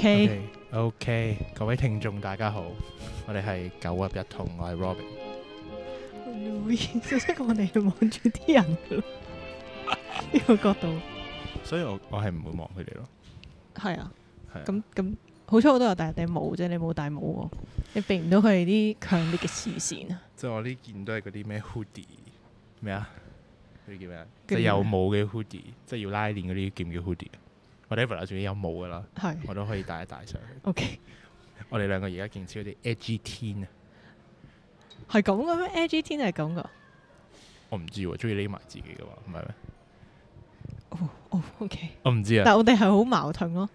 O K，O K，各位聽眾大家好，我哋係九 up 一 tone，同我係 Robin。小心、oh, 我哋望住啲人咯，呢 個角度。所以我我係唔會望佢哋咯。係啊，係、啊。咁咁、嗯，好彩我都有戴頂帽啫，你冇戴帽，你避唔到佢哋啲強烈嘅視線啊。 即係我呢件都係嗰啲咩 hoodie，咩啊？啲叫咩啊？麼即係有帽嘅 hoodie，即係要拉鏈嗰啲叫唔叫 hoodie？whatever 啊，仲有冇噶啦，我都可以帶一帶上去。OK，我哋兩個而家勁似嗰啲 agt 啊，係咁嘅咩？agt 係咁噶，我唔知，中意匿埋自己嘅話？唔係咩？哦，OK，我唔知啊。但係我哋係好矛盾咯，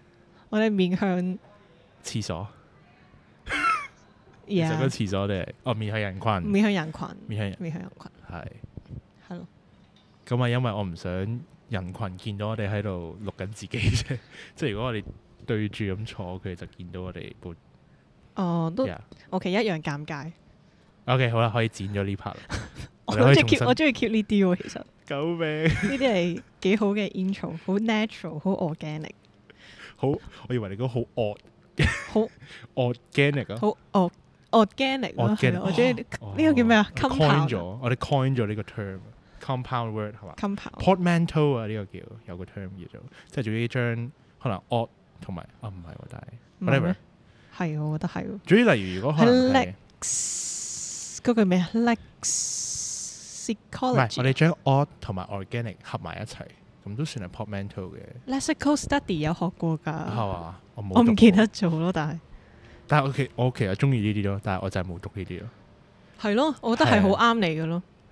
我哋面向廁所，上咗廁所，我面向人群，面向人群，面向面向人群，係係咯。咁啊，因為我唔想。人群見到我哋喺度錄緊自己啫，即係如果我哋對住咁坐，佢就見到我哋播。哦，都，O.K. 一樣尷尬。O.K. 好啦，like、cute，可以剪咗呢 part 啦。我中意 keep，我中意 keep 呢啲喎，其實。救命。呢啲係幾好嘅 intro，好 natural，好 organic 很。好，s Brad 我以為你講好惡，好 organic 啊，好惡 organic 啊，我中意呢個叫咩啊？coin 咗，我哋 coin 咗呢個 term。compound word 係、right? 嘛？compound。portmanteau 啊，呢個叫有個 term 叫做，即係主要將可能 odd 同埋啊，唔係，但係是 whatever，係我覺得係。總之例如如果係 lex 嗰句咩啊 lexicology 唔係，我哋將 odd 同埋 organic 合埋一齊，咁都算係 portmanteau 嘅。lexical study 有學過㗎。係嘛、啊？我冇，我唔記得做咯，但係。但係我其我其實中意呢啲咯，但係我就係冇讀呢啲咯。係咯， 我覺得係好啱你嘅咯。嗯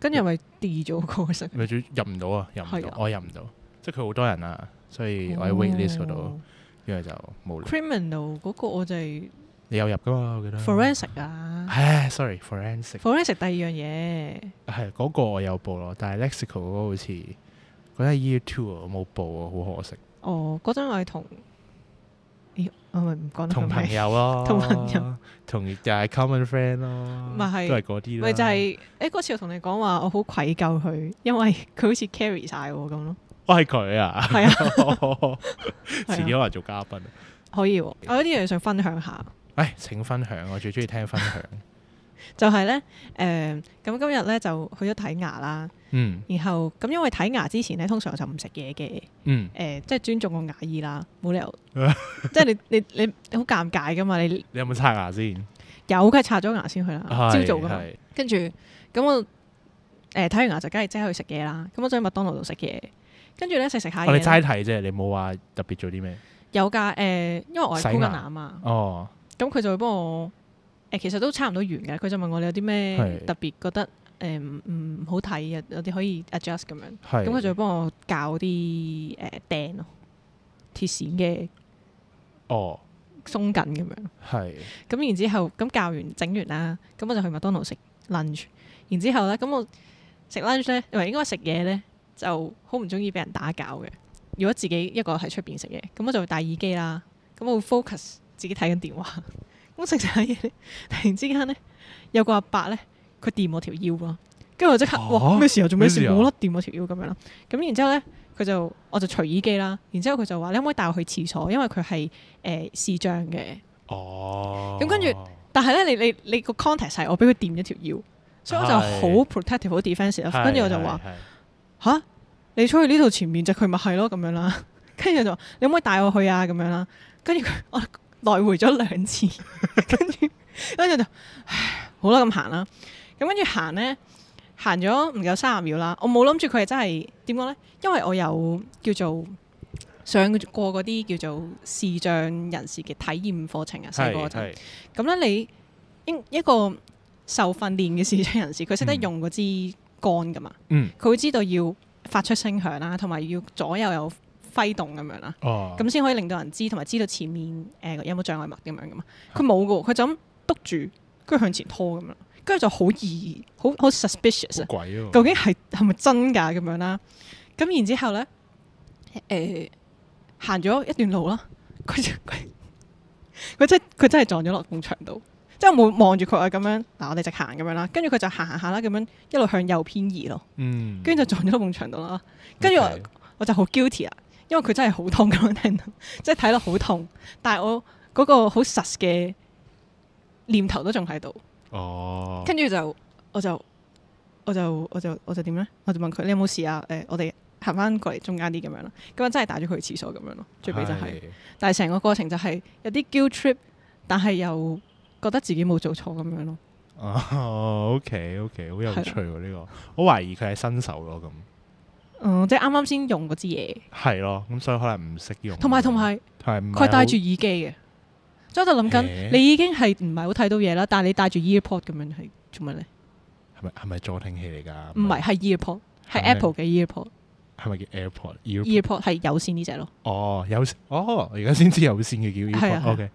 跟住咪跌咗個實，咪仲入唔到啊！入唔到，的我入唔到，即係佢好多人啊，所以我喺 waitlist 嗰度、哦，跟住就冇。Criminal 嗰個我就係、是、你有入噶嘛、啊？我記得 Forensic 啊？唉 sorry，Forensic，Forensic 第二樣嘢係嗰個我有報咯，但係 lexical 嗰、那個好似嗰啲 year two 啊冇報啊，好可惜。哦，嗰陣我係同。我咪唔講得同朋友咯，同朋友，同就係 common friend 咯，咪係是都係啲咪就係誒嗰次我同你講話，我好愧疚佢，因為佢好似 carry 晒喎咁咯，我係佢啊，係啊，自己可能做嘉賓 啊，可以，我有啲嘢想分享下，唉，請分享，我最中意聽分享。 就係咧，誒、呃，咁今日咧就去咗睇牙啦。嗯。然後咁，因為睇牙之前咧，通常就唔食嘢嘅。嗯。誒、呃，即係尊重個牙醫啦，冇理由。 即係你你你，你好尷尬噶嘛？你你有冇刷牙先？有，梗係刷咗牙先去，先去啦。朝早噶嘛。跟住咁我誒睇完牙就梗係即刻去食嘢啦。咁我去麥當勞度食嘢，跟住咧食食下嘢。我哋齋睇啫，你冇話特別做啲咩？有噶，誒、呃呃，因為我係箍緊牙啊嘛。哦。咁佢就會幫我。誒其實都差唔多完嘅，佢就問我你有啲咩特別覺得誒唔是、呃、好睇啊？有啲可以 adjust 咁樣，咁佢是就幫我搞啲誒釘咯，鐵線嘅哦，鬆緊咁樣。係。咁然之後，咁教完整完啦，咁我就去麥當勞食 lunch。然之後咧，咁我食 lunch 咧，因為應該食嘢咧，就好唔中意俾人打攪嘅。如果自己一個喺出邊食嘢，咁我就會戴耳機啦，咁我會 focus 自己睇緊電話。我食食嘢咧， 突然之間咧有個阿伯咧，佢掂我條腰啦，跟住我即刻，嘩，咩時候做咩事冇甩掂我條腰咁樣啦？咁然之後咧，佢就我就除耳機啦，然之後佢就話：你可唔可以帶我去廁所？因為佢係誒視障嘅。呃、哦。咁跟住，但係咧，你你你個 context 係我俾佢掂咗條腰，所以我就好 protective，好 defensive 跟住我就話：吓？你出去呢度前面就佢咪係咯咁樣啦。跟住就話：你可唔可以帶我去啊？咁樣啦。跟住佢我。來回咗兩次，跟住跟住就，唉，好啦咁行啦，咁跟住行呢，行咗唔夠三十秒啦，我冇諗住佢係真係點講呢？因為我有叫做上過嗰啲叫做視障人士嘅體驗課程啊，細個嗰陣，咁咧是你應一個受訓練嘅視障人士，佢識得用嗰支杆噶嘛，佢、嗯、會知道要發出聲響啦，同埋要左右又揮動咁樣啦，咁先、oh. 可以令到人知，同埋知道前面誒有冇障礙物咁樣噶嘛？佢冇噶，佢就咁篤住，跟住向前拖咁、哦、樣，跟住就好疑，好好 suspicious，究竟係係咪真噶咁樣啦？咁然之後咧，誒行咗一段路啦，佢佢佢真佢真係撞咗落埲牆度，即係我冇望住佢啊咁樣。嗱，我哋直行咁樣啦，跟住佢就行行下啦，咁樣一路向右偏移咯，跟住就撞咗埲牆度啦。跟住我, Okay. 我就好 guilty 啊！因為佢真係好痛咁樣聽到，即係睇落好痛，但係我嗰個好實嘅念頭都仲喺度。哦，跟住就我就我就我就我就點咧？我就問佢，你有冇事啊？誒、欸，我哋行翻過嚟中間啲咁樣咯。咁樣真係帶咗佢去廁所咁樣咯。最尾就係、是，哎、但係成個過程就係有啲 guilt trip，但係又覺得自己冇做錯咁樣咯。哎、哦，OK OK，好有趣喎、啊、呢是的、這個，我懷疑佢係新手咯咁。嗯，即係啱啱先用嗰支嘢，係咯，咁所以可能唔識用。同埋同埋，佢戴住耳機嘅，所以我就諗緊，你已經係唔係好睇到嘢啦，但係你戴住 EarPod 咁樣係做乜咧？係咪係咪助聽器嚟噶？唔係，係 EarPod，係 Apple 嘅 EarPod。係咪叫 AirPod？EarPod 係有線呢隻咯。哦，有線哦，我而家先知有線嘅叫 EarPod。OK，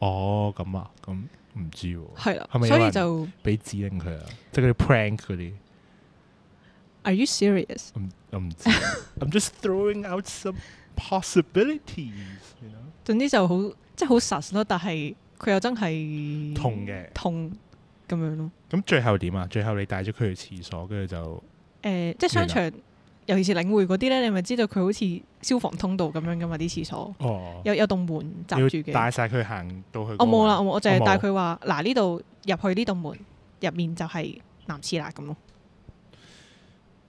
哦咁啊，咁唔知喎。係啦，係咪所以就俾指令佢啊？即係嗰啲 prank 嗰啲。Are you serious? I'm just throwing out some possibilities. 你 you know? 總之就好，即係好實咯。但係佢又真係痛嘅痛咁的樣咯。咁、嗯、最後點啊？最後你帶咗佢去廁所，跟住就誒、呃，即係商場，樣尤其是領匯嗰啲咧，你咪知，知道佢好似消防通道咁樣噶嘛啲廁所。哦，有有棟門閂住嘅。帶晒佢行到去。我冇、哦、啦，我我淨係帶佢話嗱，呢度入去呢棟門入面就係男廁啦咁咯。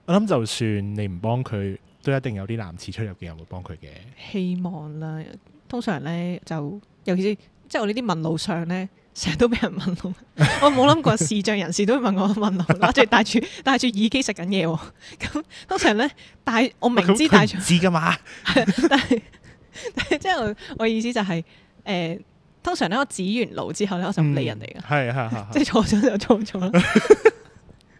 我諗就算你唔幫佢，都一定有啲男辭出入嘅人會幫佢嘅。希望啦，通常咧就尤其是即係我呢啲問路上咧，成日都俾人問路。 我冇諗過視障人士都會問我問路，拉住戴住戴住耳機食緊嘢。咁通常咧戴我明知戴住，啊、知噶嘛？ 但係即係我意思就係、是、誒，通常咧我指完路之後咧，我就唔理人哋噶，係係係，即係坐咗就坐咗啦。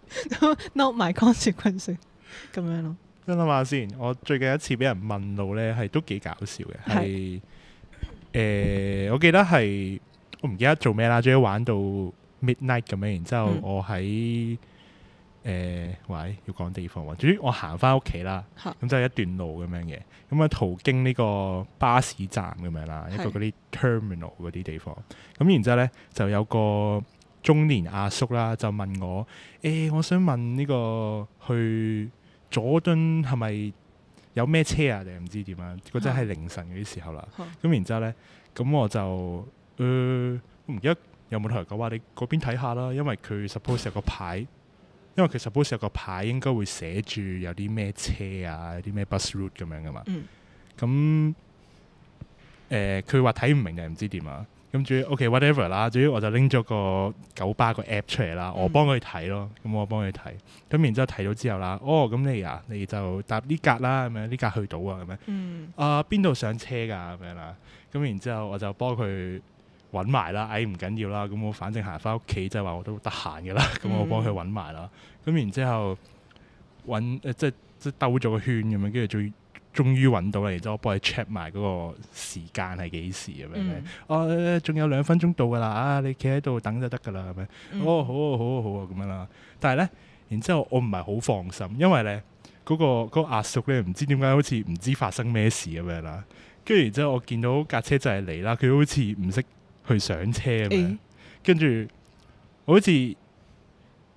Not consequence my question. 樣。咁樣咯。真等下先，我最近一次俾人問路呢，係都幾搞笑嘅。係是，誒、呃，我記得係我唔記得做咩啦，終要玩到 midnight 咁樣，然之後我喺誒、嗯呃，喂，要講地方喎。終於我行翻屋企啦，咁就一段路咁樣嘅，咁啊途經呢個巴士站咁樣啦，一個嗰啲 terminal 嗰啲是地方，咁然之後咧就有個。中年阿叔啦，就問我，誒、欸，我想問呢、這個去佐敦係咪有咩車啊？定唔知點啊？嗰陣係凌晨嗰啲時候啦，咁、嗯、然之後呢，咁我就誒呃、唔記得有冇同人講話你嗰邊睇下啦，因為佢 suppose 有個牌，因為佢 suppose 有個牌應該會寫住有啲咩車啊，啲咩 bus route 咁樣噶嘛。咁佢話睇唔明定唔知點啊？咁主要 OK whatever 啦，至於我就拎咗個九巴個 app 出嚟啦，我幫佢睇咯。咁、嗯嗯、我幫佢睇，咁然之後睇到之後啦，哦，咁你啊，你就搭呢格啦，咁樣呢格去到啊，咁、啊、樣。啊，邊度上車噶咁樣啦？咁然之後我就幫佢揾埋啦，誒唔緊要啦，咁我反正行翻屋企就話我都得閒嘅啦，咁我幫佢揾埋啦。咁、嗯、然之後揾誒、呃，即係即係兜咗個圈咁樣嘅就。終於揾到啦！然之後幫你 check 埋嗰個時間係幾時咁樣，仲有兩分鐘到噶啦啊！你企喺度等就得噶啦咁樣。嗯、哦，好啊、哦、好啊、哦、好啊、哦、咁樣啦。但係呢，然之後我唔係好放心，因為呢，嗰、嗰個阿叔、嗰個、呢，唔知點解好似唔知發生咩事咁樣啦。跟住然之後我見到架車就係嚟啦，佢好似唔識去上車咁樣。跟住、嗯、我好似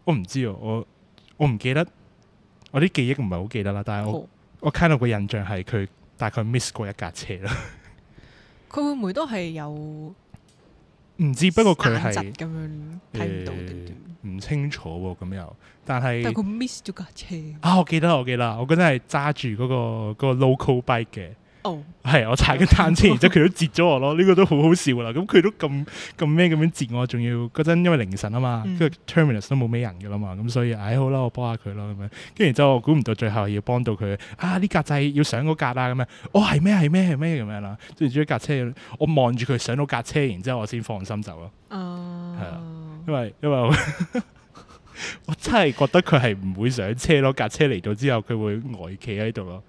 我唔知哦，我我唔記得我啲記憶唔係好記得啦，但係我。我開頭嘅印象係佢大概 miss 過一架車咯，佢會唔會都係有唔知？不過佢係咁樣睇唔、呃、到唔、呃、清楚喎、啊、咁又，但係但佢 miss 咗架車啊！我記得，我記得，我嗰陣係揸住嗰個 local bike 嘅。哦，係、oh。我踩緊單車，然之後佢都截咗我咯，呢 個都好好笑啦。咁佢都咁咁咩咁樣截我，仲要嗰陣因為凌晨啊嘛，跟住、嗯、terminal 都冇咩人噶啦嘛，咁所以唉、哎、好啦，我幫下佢咯咁樣。跟住然之後我估唔到最後要幫到佢啊，呢格掣要上嗰格啊咁樣。哦，係咩係咩係咩咁樣啦？跟住，最終架車，我望住佢上到架車，然之後我先放心走咯。哦、uh，係啊，因為因為我， 我真係覺得佢係唔會上車咯，架車嚟到之後佢會呆企喺度咯。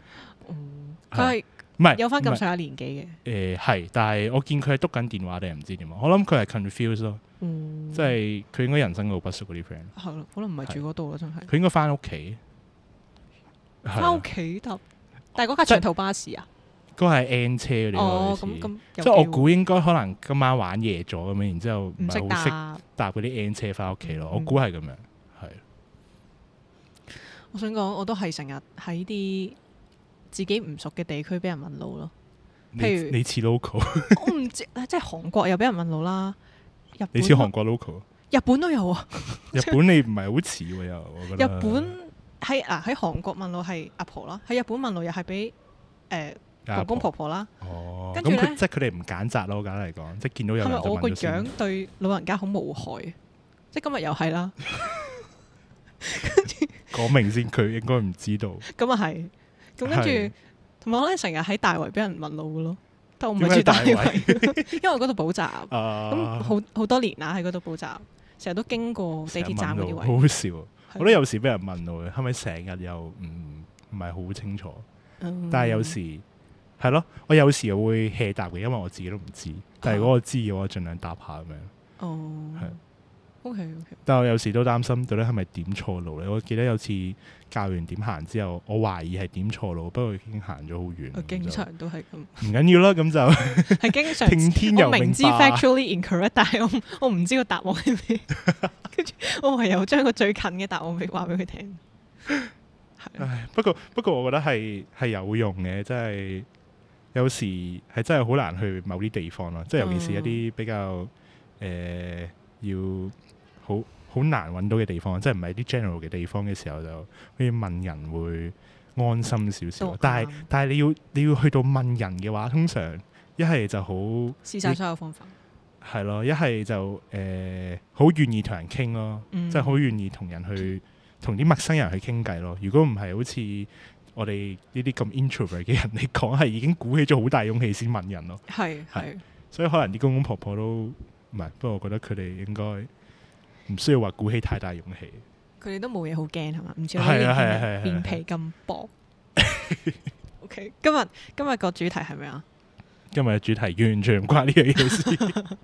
係、uh。唔係有翻咁上下年紀嘅，誒係、呃，但係我見佢係督緊電話定係唔知點啊？我諗佢係 confused 咯、嗯，即係佢應該人生路不熟嗰啲 friend。係咯、嗯，可能唔係住嗰度啦，是真係。佢應該翻屋企，翻屋企搭，啊、但係嗰架長途巴士啊，嗰係 N 車嗰啲咁，哦、即係我估應該可能今晚玩夜咗咁、啊、樣，然之後唔識搭嗰啲 N 車翻屋企咯，我估係咁樣，係。我想講，我都係成日喺啲自己唔熟嘅地區俾人問路咯，譬如你似 local， 我唔知，即係韓國又俾人問路啦，日本，你似韓國 local，日本都有啊，日本你唔係好似喎又，我覺得 日本喺啊喺韓國問路係阿婆啦，喺日本問路又係俾誒公公婆婆啦，哦，跟住咧即係佢哋唔揀擇咯，簡單嚟講，即係見到有佢問路先，我個樣對老人家好無害， 即係今日又係啦，跟 講明先，佢應該唔知道。 咁啊係。咁跟住，同埋是我咧成日喺大圍俾人問路嘅咯。但係我唔係住大圍，為大圍 因為我嗰度補習。咁、啊、好好多年啦，喺嗰度補習，成日都經過地鐵站嗰啲位。好笑、哦，的我都有時俾人問路，係咪成日又唔唔係好清楚？嗯、但係有時係咯，我有時會 hea 答嘅，因為我自己都唔知、啊、知。但係如果我知嘅話，盡量答下咁樣。哦、嗯。嗯嗯 Okay, okay. 但我有時都擔心，到底係咪點錯路咧？我記得有次教完點行之後，我懷疑係點錯路，不過已經行咗好遠。我經常都係咁，唔緊要啦，咁就係經常。 聽天由命啦。我明知 factually incorrect，但係我我唔知個答案係咩，跟住我唯有將個最近嘅答案話俾佢聽。係 的，不過不過我覺得係係有用嘅，即係有時係真係好難去某啲地方咯，即係尤其是，一啲比較誒、呃、要。好難揾到嘅地方，即係唔係啲 general 嘅地方嘅時候，就可以問人會安心少少。但係但係你要你要去到問人嘅話，通常一係就好試晒所有方法，係咯，一係，嗯，就誒好願意同人傾咯，即係好願意同人去同啲陌生人去傾偈咯。如果唔係，好似我哋呢啲咁 introvert 嘅人嚟講，係已經鼓起咗好大勇氣先問人咯。係係，所以可能啲公公婆婆都唔係，不過我覺得佢哋應該。唔需要話鼓起太大勇氣，佢哋都冇嘢好驚係嘛，唔知，似我啲面皮咁薄。 o、okay, K，今日今日個主題係咩啊？今日嘅主，主題完全唔關呢樣嘢事。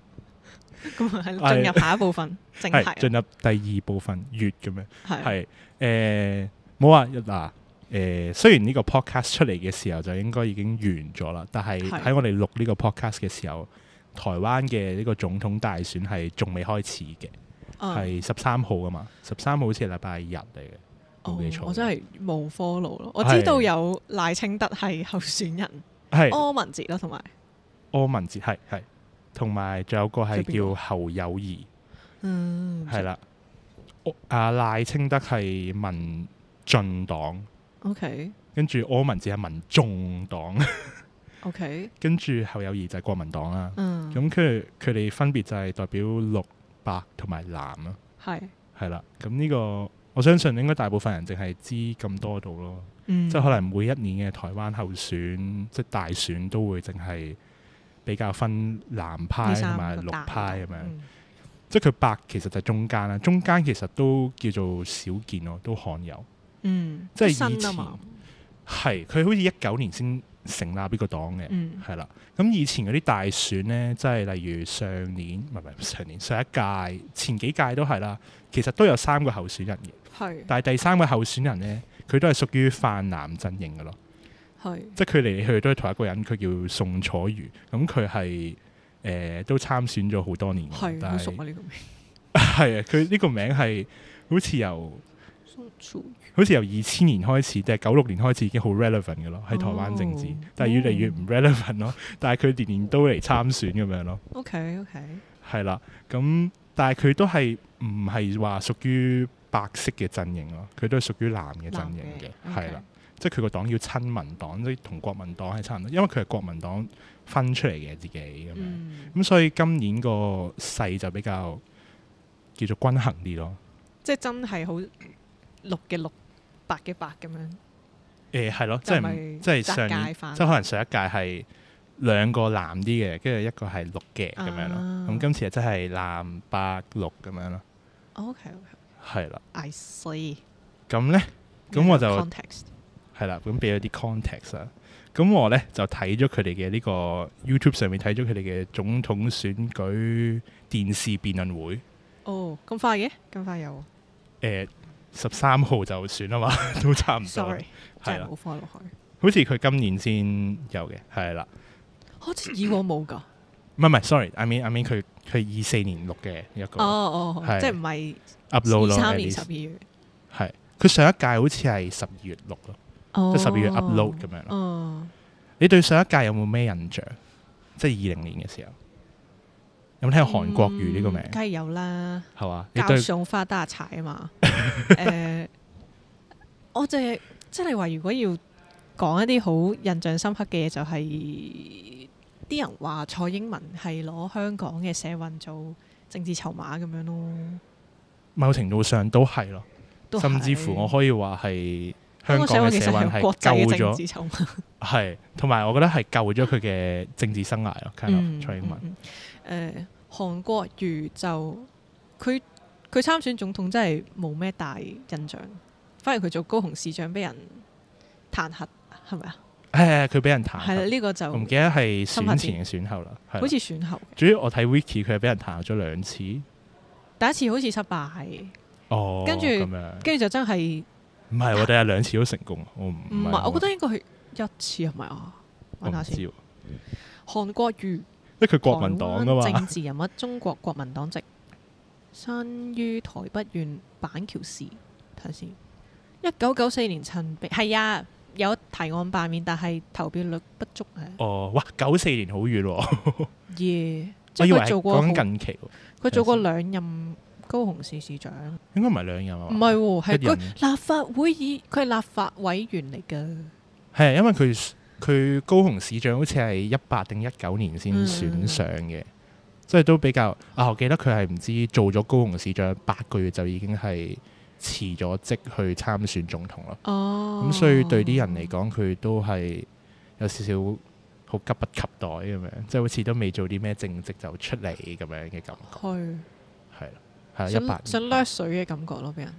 咁啊，進入下一部分，正係進入第二部分月咁樣係。誒，冇啊，嗱，誒、呃呃，雖然呢個 podcast 出嚟嘅時候就應該已經完咗啦，但係喺我哋錄呢個 podcast 嘅時候，台灣嘅呢個總統大選係仲未開始嘅。係十三號啊嘛，十三號好似禮拜日嚟嘅，冇記錯，oh。我真係冇 follow 咯，我知道有賴清德係候選人，係是柯文哲咯，同埋是柯文哲係係，同埋仲有，還有個係叫侯友宜，嗯，係啦。阿賴清德係民進黨，OK，跟住柯文哲係民眾黨，OK，跟住侯友宜就係國民黨啦。嗯，咁跟住，佢哋分別就係代表綠。白同埋藍咯，係係啦，咁呢、這個我相信應該大部分人淨係知咁多度咯，嗯、即係可能每一年嘅台灣候選，即係大選都會淨係比較分藍派同埋綠派咁樣，即係佢白其實就中間啦，中間其實都叫做少見咯，都罕有，嗯，即係以前係佢好似一九年先。成立呢個黨嘅，係啦、嗯。咁以前嗰啲大選呢，即係例如上年，唔係唔係上年，上一屆、前幾屆都係啦。其實都有三個候選人嘅，是但係第三個候選人呢，佢都係屬於泛藍陣營嘅咯，是即係佢嚟，去都係同一個人，佢叫宋楚瑜，咁佢係誒都參選咗好多年嘅，係是。好熟啊呢個名，係是啊，佢、這、呢個名係 好似由宋楚。So 好似由二千年開始定係九六年開始已經好 relevant 嘅咯，喺台灣政治，哦、但係越嚟越唔 relevant 咯。但係佢年年都嚟參選咁樣咯。OK OK。係啦，咁但係佢都係唔係話屬於白色嘅陣營咯，佢都係屬於藍嘅陣營嘅，係的啦，okay. 即係佢個黨叫親民黨，即係同國民黨係差唔多，因為佢係國民黨分出嚟嘅自己咁樣，咁、嗯嗯、所以今年個勢就比較叫做均衡啲咯，即係真係好綠嘅綠。白嘅白咁樣，誒係咯，即係是即係上，即係可能上一屆係兩個藍啲嘅，跟住一個係綠嘅咁樣咯。咁、啊、今次啊，真係藍白綠咁樣咯、哦。OK，係、okay. 啦了。I see。咁咧，咁我就係啦。咁俾咗啲 context 啊。咁我咧就睇咗佢哋嘅呢個 YouTube 上面睇咗佢哋嘅總統選舉電視辯論會。哦，咁快嘅，咁快有？誒、欸。十三號就算啊嘛，都差唔多。Sorry，係啦，冇放落去。好似佢今年先有嘅，係啦。好似以往冇個，唔係唔係。Sorry，I mean I mean 佢佢二四年錄嘅一個。哦哦，即係唔係 upload。二三年十二月，係佢上一屆好似係十二月錄，咯，即係十二月 upload 咁樣咯。你對上一屆有冇咩印象？即係二零年嘅時候。有冇聽過韓國瑜呢個名？梗係、嗯、有啦，係吧嘛？教上發大財啊嘛！誒，我就真係話，如果要講一啲好印象深刻嘅嘢，就是，就係啲人話蔡英文係攞香港嘅社運做政治籌碼咁樣咯。某程度上都係咯，是甚至乎我可以話係香港嘅社運係救咗國際嘅政治籌碼，係同埋我覺得係救咗佢嘅政治生涯咯，kind of, 蔡英文。嗯嗯嗯誒，韓國瑜就佢佢參選總統真係冇咩大印象，反而佢做高雄市長俾人彈劾，係咪啊？係佢俾人彈，係啦，呢個就唔記得係選前嘅選後啦，好似選後。主要我睇 Wiki 佢係俾人彈劾咗兩次，第一次好似失敗，哦跟住跟住就真係唔係我哋有兩次都成功，我唔唔係我覺得應該係一次係咪啊？問下先，韓國瑜。即係佢國民黨噶嘛？政治人物，中國國民黨籍，生於 台北縣板橋市。睇下先，一九九四年曾被係啊，有提案罷免，但係投票率不足啊。哦，哇，九四年好遠喎。耶，即係佢做過近期。佢 做過兩任高雄市市長，應該唔係兩任啊？唔係人，係佢立法會議，佢係立法委員嚟噶。係、啊，因為佢。佢高雄市長好似係一八定一九年先選上嘅，即、嗯、以都比較啊、哦，我記得佢係唔知做咗高雄市長八個月就已經係辭咗職去參選總統啦。哦，咁、嗯、所以對啲人嚟講，佢都係有少少好急不及待咁樣，即、就、係、是、好似都未做啲咩政績就出嚟咁樣嘅感覺，係係啦，係一八想甩水嘅感覺咯，畀人。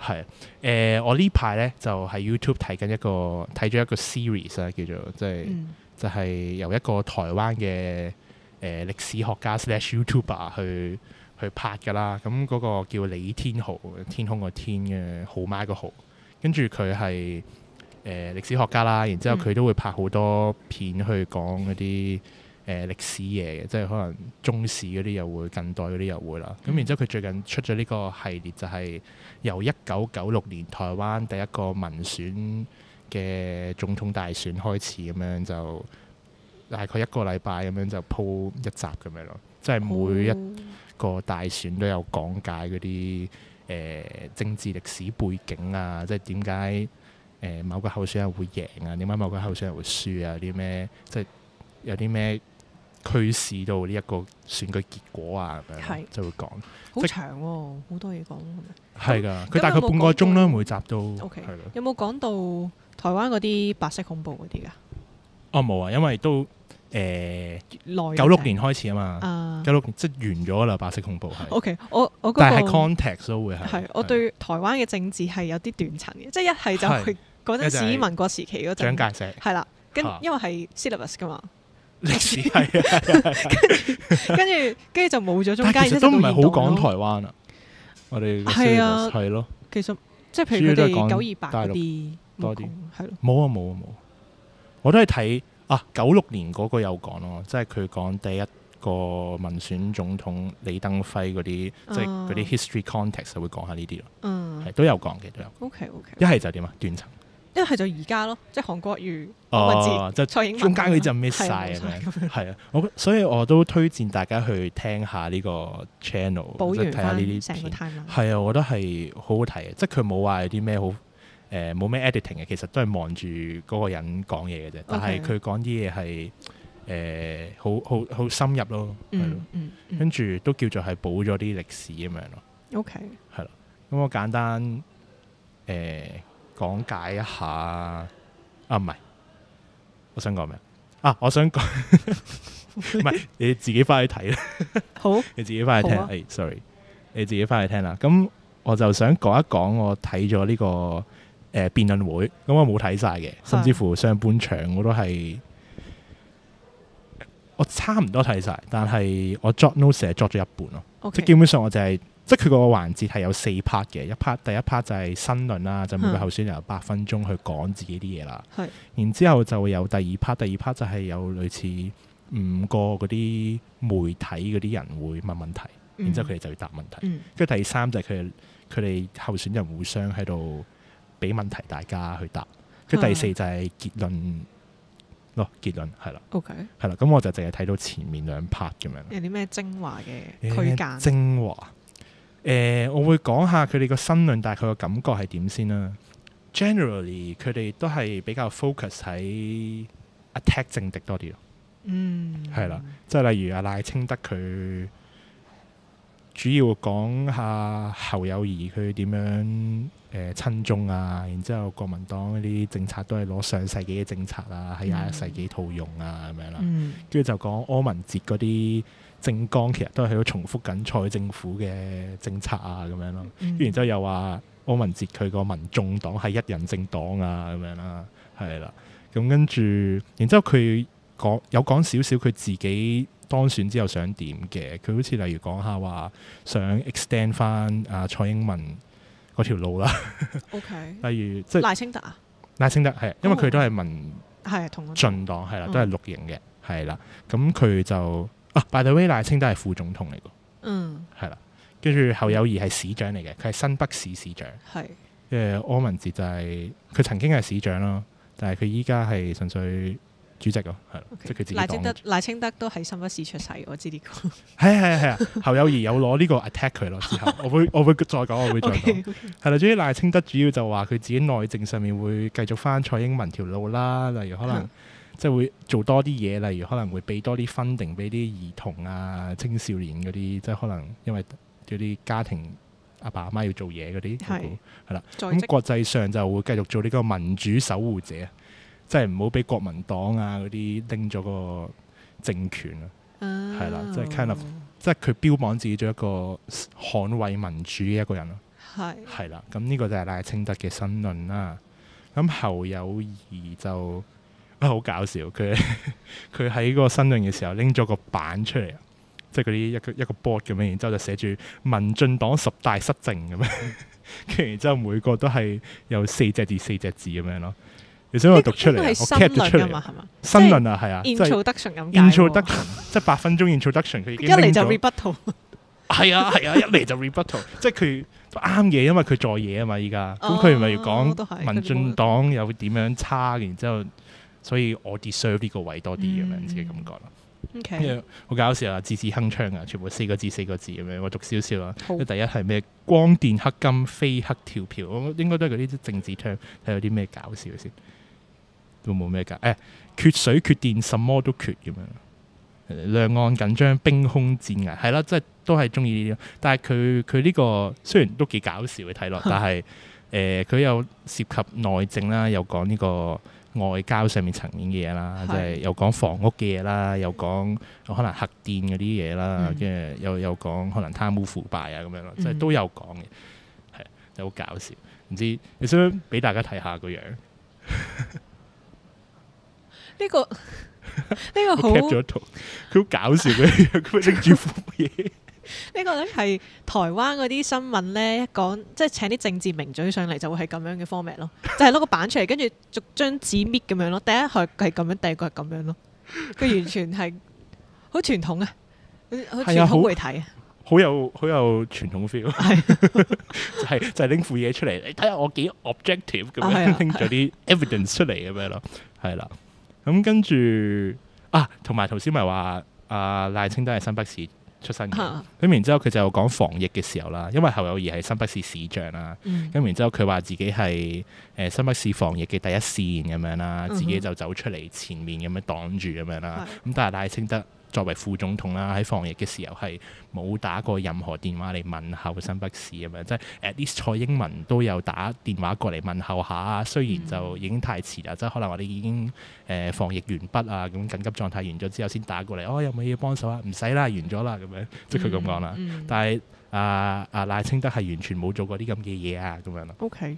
係誒、呃，我呢排呢就喺 YouTube 睇緊一個睇咗一個 series 啊，叫做即係就係、是嗯、由一個台灣嘅誒、呃、歷史學家 Slash YouTuber 去去拍㗎啦。咁、那、嗰個叫李天豪，天空個天嘅豪媽個豪，跟住佢係誒歷史學家啦。然之後佢都會拍好多片去講嗰啲。嗯誒、呃、歷史嘢嘅，即係可能中史嗰啲又會，近代嗰啲又會啦。咁、嗯、然之後，佢最近出咗呢個系列就，就係由一九九六年台灣第一個民選嘅總統大選開始咁樣，就大概一個禮拜咁樣就鋪一集咁樣咯。嗯、即係每一個大選都有講解嗰啲誒政治歷史背景啊，即係點解誒某個候選人會贏啊，點解某個候選人會輸啊？啲咩即係有啲咩？即係佢驅使到呢一個選舉結果啊，咁樣就會講。好長喎，好多嘢講係噶，佢大概半個鐘啦，每集都。O K、哦。有冇講到台灣嗰啲白色恐怖嗰啲噶？哦冇啊，因為都誒九、呃、六年開始啊嘛。九六年，即係完咗啦，白色恐怖係。哦、o、okay, K。我我覺得係 context 都會係。係，我對台灣嘅政治係有啲斷層嘅，即係一係就佢嗰陣時民國時期嗰陣。蔣介石。係啦，跟因為係 syllabus 噶嘛。歷史係啊，跟住跟住就冇咗中間，其實都唔係好講台灣啊。我哋係啊，係咯。其實即係譬如佢哋九二八嗰啲多啲，係咯。冇啊冇啊冇！我都係睇啊九六年嗰個有講咯，即係佢講第一個民選總統李登輝嗰啲，即係嗰啲 history context 就會講下呢啲咯。嗯，係都有講嘅都有講。OK OK，一係就點啊斷層。即係就而家咯，即係韓國瑜我唔知，就蔡英文咁加你就 miss 晒，係啊對，我 所以我都推薦大家去聽下呢個 channel，睇下呢啲片，係啊，我覺得係好好睇嘅，即係佢冇話有啲咩好誒，冇咩 editing 嘅，其實都係望住嗰個人講嘢嘅啫，Okay. 但係佢講啲嘢係誒好好好深入咯，嗯嗯，跟住都叫做係補咗啲歷史咁樣咯，OK，係咯，咁 Okay. 我簡單誒。呃講解一下啊，唔係，我想講咩啊？啊，我想講，唔 係，你自己翻去睇啦。好， 你自己翻去聽。誒，啊哎，sorry，你自己翻去聽啦。咁，我就想講一講，我睇咗呢個誒辯論會。咁我冇睇晒嘅，甚至乎上半場我都係我差唔多睇晒，但係我作 notes 作咗一半咯。Okay. 即基本上，我就係。即係佢個環節係有四 part 嘅，一 part 第一 part 就係申論啦，嗯、就每個候選人有八分鐘去講自己啲嘢啦。嗯、然之後就會有第二 part，第二 part 就係有類似五個嗰啲媒體嗰啲人會問問題，嗯、然之後佢哋就要答問題。跟住、嗯、第三就係佢哋佢哋候選人互相喺度俾問題大家去答。跟住、嗯、第四就係結論咯，嗯、結論係啦。O K。係啦 Okay，咁我就淨係睇到前面兩 part 咁樣。有啲咩精華嘅推介？精華。誒、呃，我會講下佢哋個申論，大概佢個感覺係點先啦。Generally，佢哋都係比較 focus 喺 attack 政敵多啲咯。嗯，係啦，即係例如阿賴清德佢主要講下侯友宜佢點樣誒、呃、親中啊，然之後國民黨嗰啲政策都係攞上世紀嘅政策啊，喺廿一世紀套用啊咁樣啦。跟住、嗯、就講柯文哲嗰啲。政綱其實都係喺度重複緊蔡政府嘅政策啊，咁樣咯。然之後又話柯文哲，佢個民眾黨係一人政黨啊，咁樣啦，係啦。咁跟住，然之後佢講有講少少佢自己當選之後想點嘅。佢好似例如講下話想 extend 翻阿蔡英文嗰條路啦。OK，、嗯、 例如 okay. 即係賴清德啊，賴清德係因為佢都係民係同進黨係啦，都係綠營嘅係啦。咁佢就。嗯嗯。By the way，賴清德係副總統嚟噶，嗯，係啦，跟住侯友宜係市長嚟嘅，佢係新北市市長，係是，誒，柯文哲就係、是、佢曾經係市長啦，但係佢依家係純粹主席咯，係，即係佢自己。賴清德賴清德都喺新北市出世，我知呢個。係係係啊，侯友宜有攞呢個 attack 佢咯，之後，我會我會再講，我會再講，係啦，至於賴清德主要就話佢自己內政上面會繼續翻蔡英文條路啦，例如可能。即係會做多啲嘢，例如可能會俾多啲 funding 俾啲兒童啊、青少年嗰啲，即係可能因為有啲家庭阿爸阿媽，媽要做嘢嗰啲，係啦。咁國際上就會繼續做呢個民主守護者，即係唔好俾國民黨啊嗰啲拎咗個政權啊，係啦，即係 kind of 即係佢標榜自己做一個捍衛民主嘅一個人咯，係係啦。咁呢、嗯這個就係賴清德嘅申論啦。咁、嗯、侯友宜就。好搞笑，佢佢喺個申論嘅時候拎咗個板出嚟，即係嗰啲一個一個 board 咁樣，然之後就寫住民進黨十大失政咁樣，跟住然之後每個都係有四隻字四隻字咁樣咯。你想我讀出嚟？這個這個、我 catch 出嚟係嘛？申論吧啊，係啊 introduction 咁解，即係八分鐘 introduction，佢一嚟就 rebuttal，係啊係啊，一嚟就 rebuttal，即係佢啱嘢，因為佢做嘢啊嘛依家，咁佢咪講民進黨有點樣差，然之後。所以我 deserve 呢個位多啲咁樣嘅感覺咯。好 Okay.、嗯、搞笑啊，字字鏗鏘啊，全部四個字四個字咁樣，我讀少少啦。好第一係咩？光電黑金非黑跳票，我應該都係嗰啲政治 term。睇下啲咩搞笑先，都冇咩㗎。缺水缺電，什麼都缺咁樣。兩岸緊張，兵凶戰危，係啦，即係都係中意呢啲。但係佢佢呢個雖然都幾搞笑嘅睇落，嗯、但係佢、呃、有涉及內政啦，又講呢、呢個。外交上面層面嘅嘢啦，即係又講房屋嘅嘢啦，又講可能核電嗰啲嘢啦，跟住、嗯、又又講可能貪污腐敗啊咁樣咯，即係都有講嘅，係、嗯、就好搞笑。唔知你想俾大家睇下個樣？呢個呢個好，佢好 搞笑嘅樣，佢拎住副嘢。呢個咧係台灣嗰啲新聞咧講，即係請啲政治名嘴上嚟，就會係咁樣嘅 format 咯，就係攞個板出嚟，跟住逐張紙搣咁樣咯。第一個係咁樣，第二個係咁樣咯。佢完全係好傳統嘅，好傳統媒體啊，好很有好有傳統 feel。係、啊、 就係、是、就係、是、拎副嘢出嚟，你睇下我幾 objective 咁樣拎咗啲 evidence 出嚟咁樣咯，係啦。咁跟住啊，同埋頭先咪話啊賴、呃、清德係新北市出生嘅，咁然之後佢就講防疫嘅時候啦，因為侯友宜係新北市市長啦，咁、嗯、然之後佢話自己係誒新北市防疫嘅第一線咁樣啦，自己就走出嚟前面咁樣擋住咁樣啦，咁、嗯、哼但係賴,賴清德。作為副總統啦，喺防疫嘅時候係冇打過任何電話嚟問候新北市咁樣，即係 at least 蔡英文都有打電話過嚟問候下，雖然就已經太遲啦，嗯、即係可能話你已經誒防疫完畢、哦、啊，咁緊急狀態完咗之後先打過嚟，哦有冇嘢幫手啊？唔使啦，完咗啦咁樣，即係佢咁講啦。嗯嗯、但係阿阿賴清德係完全冇做過啲咁嘅嘢啊，咁樣咯。OK。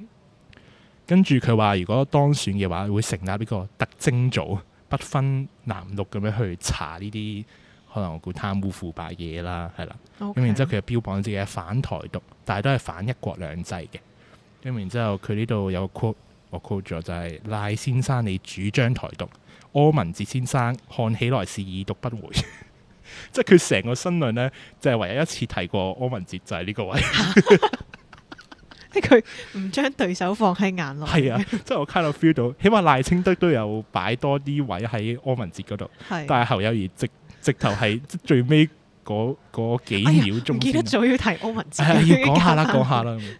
跟住佢話：如果當選嘅話，會成立呢個特徵組。不分藍綠咁樣去查呢啲可能我估貪污腐敗嘢啦，係啦。咁 Okay. 然之後佢又標榜自己係反台獨，但係都係反一國兩制嘅。咁然之後佢呢度有 quote，我 quote 咗就係、是、賴 Okay. 先生你主張台獨，柯文哲先生看起來是已讀不回。 即係佢成個申論呢，就係、是、唯一一次提過柯文哲就係、是、呢個位。 佢唔將對手放喺眼內，係 啊！即係我 kind of feel 到，起碼賴清德都有擺多啲位喺柯文哲嗰度，是但係侯友宜直直頭係最尾嗰嗰幾秒鐘、哎，唔記得仲要提柯文哲，啊、要講下啦，講下啦。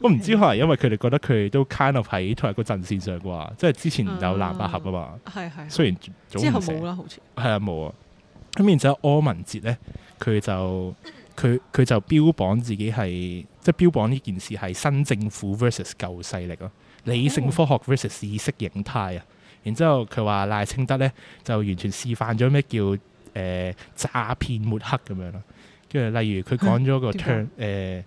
我唔知可能因為佢哋覺得佢哋都 kind of 喺同埋個陣線上啩，即係之前有藍白合啊嘛，係係、嗯。雖然早冇啦，好似係啊冇啊。咁 然之後柯文哲咧，佢就佢佢就標榜自己係。即係標榜呢件事係新政府 versus 舊勢力咯、啊，理性科學 versus 意識形態啊。然之後佢話賴清德呢就完全示範咗咩叫誒詐騙抹黑咁樣咯。跟住例如佢講咗個 turn、 呃、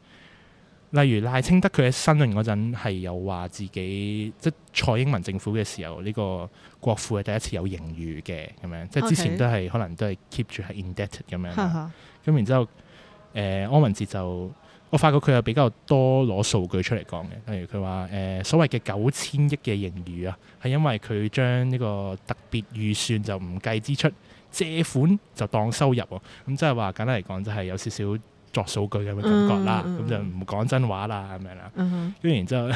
例如賴清德佢喺新任嗰陣係有話自己即蔡英文政府嘅時候呢、這個國庫係第一次有盈餘嘅咁樣，即係之前都係 Okay. 可能都係 keep 住係 indebt 咁樣。咁 然之後誒柯、呃、文哲就。我發覺佢又比較多攞數據出嚟講嘅，例如佢話誒所謂嘅九千億嘅盈餘啊，係因為佢將呢個特別預算就唔計支出，借款就當收入，咁即係話簡單嚟講就係有少少作數據咁嘅感覺啦，咁就唔講真話啦咁樣啦，跟、嗯、哼然之後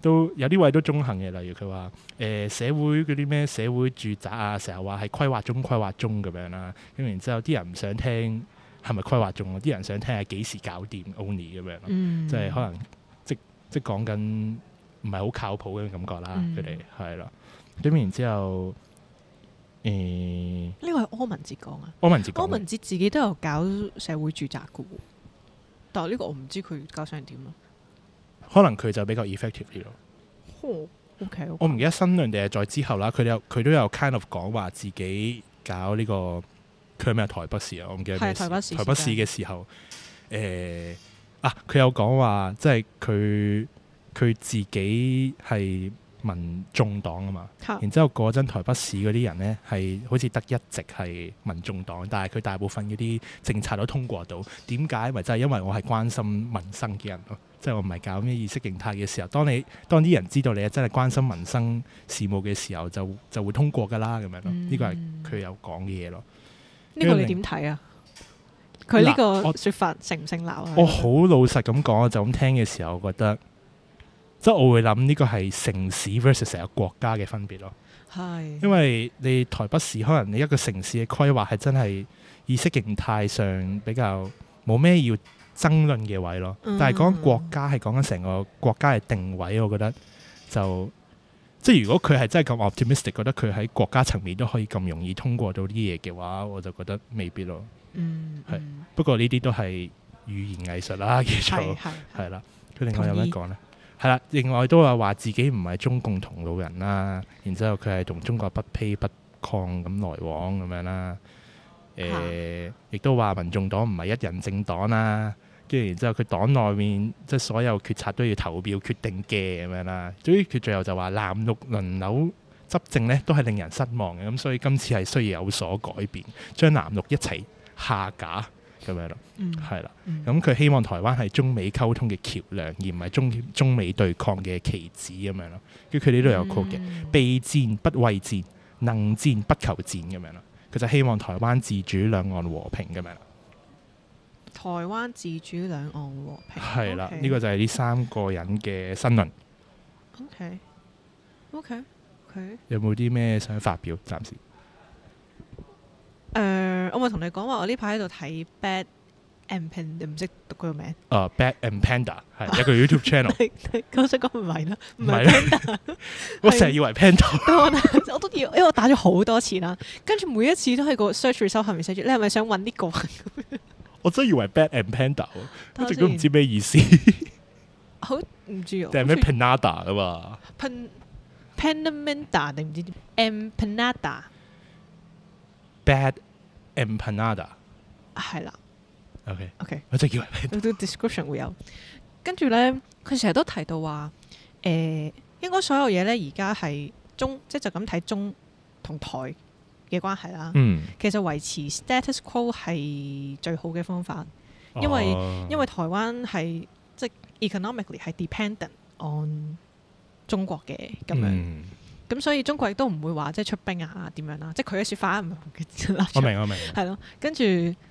都有啲位都中肯嘅，例如佢話誒社會嗰啲咩社會住宅啊，成日話係規劃中規劃中咁樣啦，跟然之後啲人唔想聽。係咪規劃中啊？啲人想聽下幾時搞掂？Only 咁樣、嗯，即係可能即即講緊唔係好靠譜嘅感覺啦。佢哋係啦，對面然之後誒，呢個係柯文哲講啊。柯文哲，柯文哲自己都有搞社會住宅嘅喎，但係呢個我唔知佢搞成點啊，可能佢就比較 effective 啲咯。o、okay, k、okay. 我唔記得新論定係在之後啦。佢哋有佢都有 kind of 講話自己搞呢、這個。佢係咩台北市啊，我唔記得咩市。台北市嘅時候，誒、呃、啊，佢有講話，即係佢佢自己係民眾黨啊嘛。好然之後嗰陣台北市嗰啲人呢，係好似得一席係民眾黨，但係佢大部分嗰啲政策都通過到。點解？咪就係因為我係關心民生嘅人咯。即係我唔係搞咩意識形態嘅時候，當你當啲人知道你真係關心民生事務嘅時候，就就會通過噶啦咁樣咯。呢個係佢有講嘅嘢咯。呢個你點睇啊？佢呢個我說法成唔成立啊？我好老實咁講，我就咁聽嘅時候，我覺得即係、就是、我會諗呢個係城市 versus 成個國家嘅分別咯。係是，因為你台北市可能你一個城市嘅規劃係真係意識形態上比較冇咩要爭論嘅位咯。嗯、但係講國家係講緊成個國家嘅定位，我覺得就。即係如果佢係真係咁 optimistic，覺得佢喺國家層面都可以咁容易通過到啲嘢嘅話，我就覺得未必咯，嗯。嗯，係。不過呢啲都係語言藝術啦，其實係啦。佢另外有咩講呢？係啦，另外都有話自己唔係中共同路人啦，然之後佢係同中國不卑不亢咁來往咁樣啦。誒，呃，亦都話民眾黨唔係一人政黨啦。跟住，然之後佢黨內面即係所有決策都要投票決定嘅咁樣啦。所以佢最後就話藍綠輪流執政呢都係令人失望嘅。咁所以今次係需要有所改變，將藍綠一齊下架咁樣咯。嗯，係啦了。咁佢、嗯嗯、希望台灣係中美溝通嘅橋梁，而唔係中中美對抗嘅棋子咁樣咯。跟住佢呢度有講嘅，備、嗯、戰不畏戰，能戰不求戰咁樣咯。佢就希望台灣自主、兩岸和平咁樣。台灣自主、兩岸和平。係啦了，呢 Okay. 個就係呢三個人嘅新聞。O K，O K，佢有冇啲咩想發表？暫時，誒、uh,，我咪同你講話，我呢排喺度睇 Bad and Panda，你唔識讀個名？誒，Bad and Panda 係一個 YouTube channel。我想講唔係啦，唔係 panda 是。 我成日以為 Panda，我都以為 因為我打咗好多次啦，跟住每一次都喺個 search result 後面寫住，你係咪想揾呢、這個？我真以為 bad and panda，一直都唔知咩意思。好唔知，定係咩 panada 噶嘛？pan pananda 定唔知？empanada，Bad Empanada 係啦。OK OK，我真以為。佢啲 description 會有，跟住咧，佢成日都提到話，誒，應該所有嘢咧而家係中，即係就咁睇中同台嘅關係啦，嗯、其實維持 status quo 係最好嘅方法，因為、哦、因為台灣係即、就是、economically 係 dependent on 中國嘅咁樣，咁、嗯、所以中國亦都唔會話即出兵啊點樣 啦，即佢嘅説法我明我明，係咯，跟住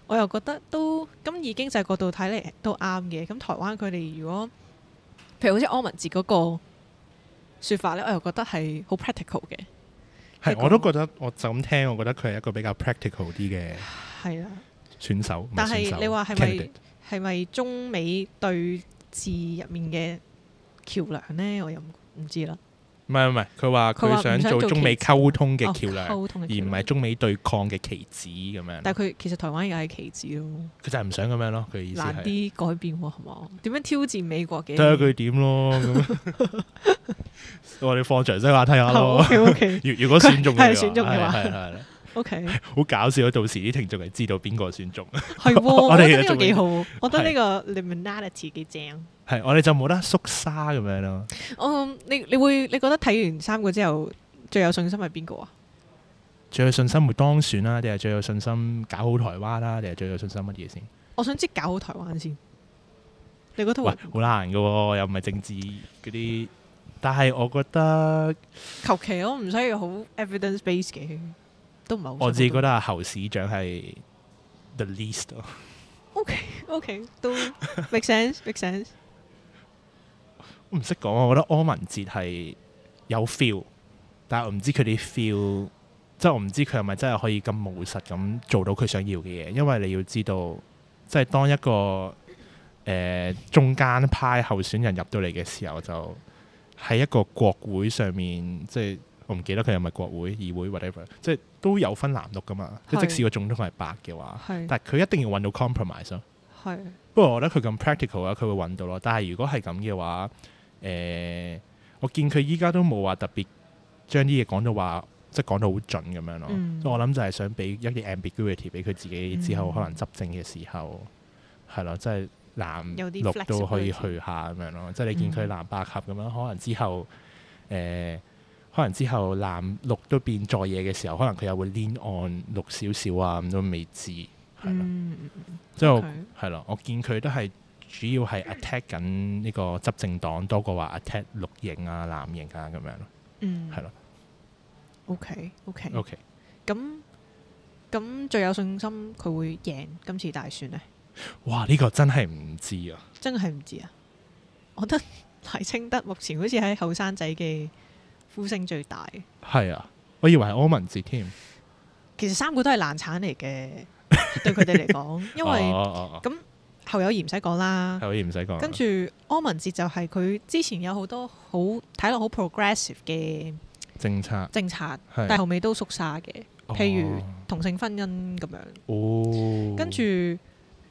我又覺得都咁以經濟角度睇嚟都啱嘅，咁台灣佢哋如果譬如好似柯文哲嗰個説法咧，我又覺得係好 practical 嘅。係，我都覺得，我就咁聽，我覺得佢係一個比較 practical 啲嘅選手。但係你話係咪係咪中美對峙入面嘅橋梁呢？我又唔知啦。唔係唔係，佢話佢想做中美溝通嘅橋梁，哦、溝通橋梁而唔係中美對抗嘅棋子咁樣。但係佢其實台灣又係棋子咯。佢就係唔想咁樣咯，佢意思係難啲改變喎，係嘛？點樣挑戰美國嘅？睇下佢點咯。我哋、 哦、放長線話睇下咯。如 如果選中嘅話，係係啦。 O Okay . K，好搞笑啊！到時啲聽眾係知道邊個選中，係我哋覺得仲幾好。我覺得呢個 liminality 幾正。係 我哋就冇、是、得縮是棒沙咁樣咯。哦、嗯，你你會你覺得睇完三個之後最有信心係邊個啊？最有信心會當選啦、啊，定係最有信心搞好台灣啦、啊，定係最有信心乜嘢先？我想知搞好台灣先。你覺得、喂，好難噶、哦，又唔係政治嗰啲。但係我覺得，求其我唔需要好 evidence based 嘅。我自己覺得侯市長係 the least OK OK 都 make sense make sense。 我唔識講，我覺得柯文哲係有 feel，但係我唔知佢啲 feel，即係我唔知佢係咪真係可以咁務實咁做到佢想要嘅嘢。因為你要知道，即係當一個誒、呃、中間派候選人入到嚟嘅時候，就喺一個國會上面，即係。我唔記得佢係咪國會議會 whatever，即係都有分藍綠噶嘛。是即即使個總統係白嘅話，是但係佢一定要揾到 compromise 咯、啊。是不過我覺得佢咁 practical 啊，佢會揾到咯。但係如果係咁嘅話，誒、呃，我見佢依家都冇話特別將啲嘢講到話，即係講到好準咁樣咯。嗯、我諗就係想俾一啲 ambiguity 俾佢自己之後可能執政嘅時候，係咯、嗯，即係、就是、藍綠都可以去下咁樣咯。嗯嗯、即係你見佢藍白合咁樣，可能之後誒。呃可能之後藍綠都變在野嘅時候，可能佢又會黏岸綠少少啊，咁都未知，係咯。即係係咯，我見佢都係主要係 attack 緊呢個執政黨多過話 attack 綠營啊、藍營啊咁樣咯。嗯，係咯。OK，OK，OK。咁咁最有信心佢會贏今次大選呢？哇！呢個真係唔知啊，真係唔知啊。我覺得賴清德目前好似喺後生仔嘅。呼聲最大係啊，我以為係柯文哲添。其實三個都係爛橙嚟嘅， 對佢哋嚟講，因為咁侯友宜唔使講啦，侯友宜唔使講。跟住柯文哲就係佢之前有好多好睇落好 progressive 嘅政策，政策，但後尾都縮沙嘅。哦、譬如同性婚姻咁樣。哦，跟住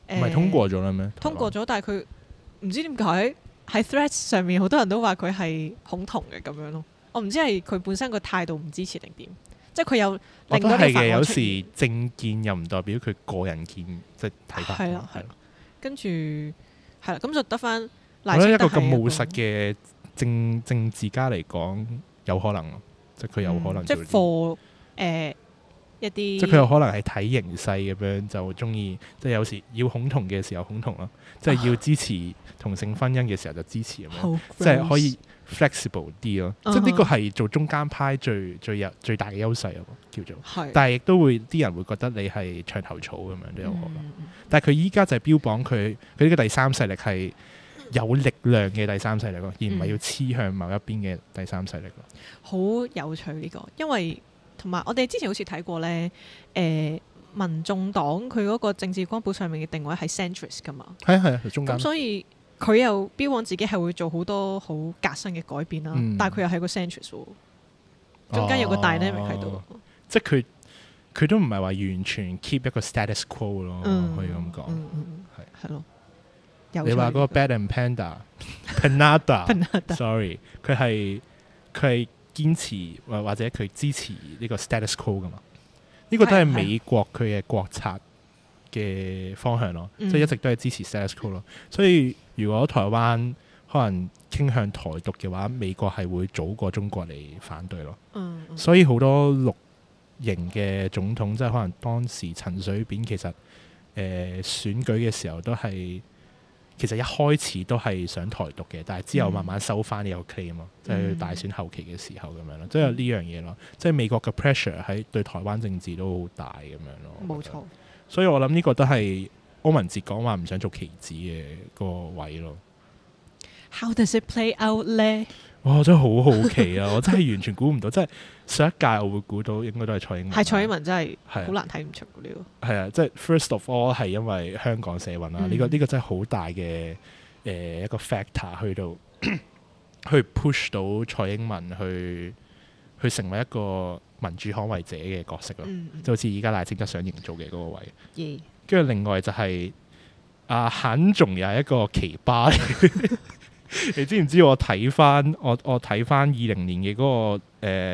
欸，唔係通過咗啦咩？通過咗，但係佢唔知點解喺 threads 上面，好多人都話佢係恐同嘅咁樣咯。我唔知係佢本身個態度唔支持定點，即係佢有令到啲反方出現。我都係嘅，有時政見又唔代表佢個人見，即係睇法。係啊，係。跟住係啦，咁就得翻。我覺得一個咁務實嘅政政治家嚟講，有可能，即係佢有可能、嗯。即係 for 一啲，即係佢有可能係睇形勢咁樣就中意，即係有時要恐同嘅時候恐同咯，即係要支持同性婚姻嘅時候就支持咁樣，啊、即係可以 flexible 啲咯。啊、即係呢個係做中間派最最有最大嘅優勢咯，叫做。是但係亦都會啲人會覺得你係牆頭草咁樣都有可能。嗯、但係佢依家就係標榜佢佢呢個第三勢力係有力量嘅第三勢力咯，而唔係要黐向某一邊嘅第三勢力咯、嗯。好有趣呢個，因為。同埋，我哋之前好似睇過咧，誒、呃，民眾黨佢嗰個政治光譜上面嘅定位係 centrist 㗎嘛？係啊，係啊，中間。咁所以佢又標榜自己係會做好多好革新嘅改變啦，嗯、但係佢又係個 centrist 喎、哦，中間有個 dynamic 喺度、哦。即係佢佢都唔係話完全 keep 一個 status quo 咯，可以咁講。係係咯，你話嗰個 Bad Empanada，Panda，Panda，sorry， 佢係佢。堅持或或者佢支持呢個 status quo 噶嘛？呢、這個都係美國佢嘅國策嘅方向咯，即係、嗯、一直都係支持 status quo 咯。所以如果台灣可能傾向台獨嘅話，美國係會早過中國嚟反對咯。嗯、所以好多綠營嘅總統，即係可能當時陳水扁其實誒、呃、選舉嘅時候都係。其實一開始都係想台獨嘅，但係之後慢慢收翻呢個 claim 即係大選後期嘅時候咁、嗯、樣咯，即係呢樣嘢咯，即係美國嘅 pressure 喺對台灣政治都好大咁樣咯。冇錯，所以我諗呢個都係柯文哲講話唔想做棋子嘅個位咯。How does it play out 咧？我真係好好奇啊！ 我真係完全估唔到，真係上一屆我會估到應該都係蔡英文。係蔡英文真係好難睇唔出嗰啲。係啊，即係、這個啊、first of all 係因為香港社運啊。呢、嗯這個呢、這個真係好大嘅誒、呃、一個 factor 去到 去 push 到蔡英文去去成為一個民主捍衞者嘅角色咯，嗯、就好似而家賴清德想營造嘅嗰個位。跟住 Yeah. 另外就係、是、啊，肯仲有一個奇葩。你知唔知我睇翻我我睇翻二零年嘅嗰、那個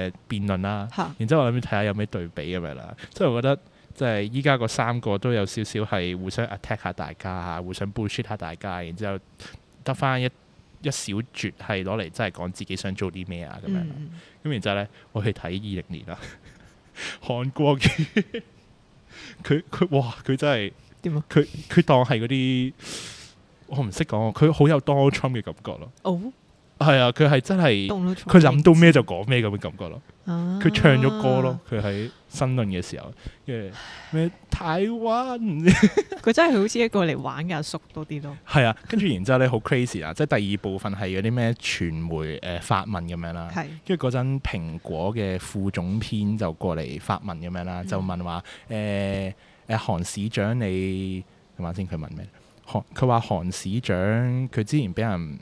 誒辯論啦，然之後我諗住睇下有咩對比咁樣啦。即係、啊、我覺得即係依家嗰三個都有少少係互相 attack 下大家吓，互相 bullshit 下大家，然之後得翻一一小撮係攞嚟真係講自己想做啲咩啊咁樣。咁、嗯、然之後咧，我去睇二零年啦，韓國嘅佢佢哇佢真係點啊？佢佢當係嗰啲。我唔識講，佢好有多 o 嘅感覺咯。哦、oh?，係了啊，佢係真係，佢諗到咩就講咩咁嘅感覺咯。佢唱咗歌咯，佢喺新論嘅時候，嘅咩 台灣灣，佢 真係好似一個嚟玩嘅阿叔多啲咯。係啊，跟住然之後咧，好 crazy 啊，即係第二部分係嗰啲咩傳媒誒發問咁樣啦。跟住嗰陣蘋果嘅副總編就過嚟發問咁樣啦，就問話誒誒韓市長你，同埋先佢問咩？韓佢話韓市長佢之前俾人誒、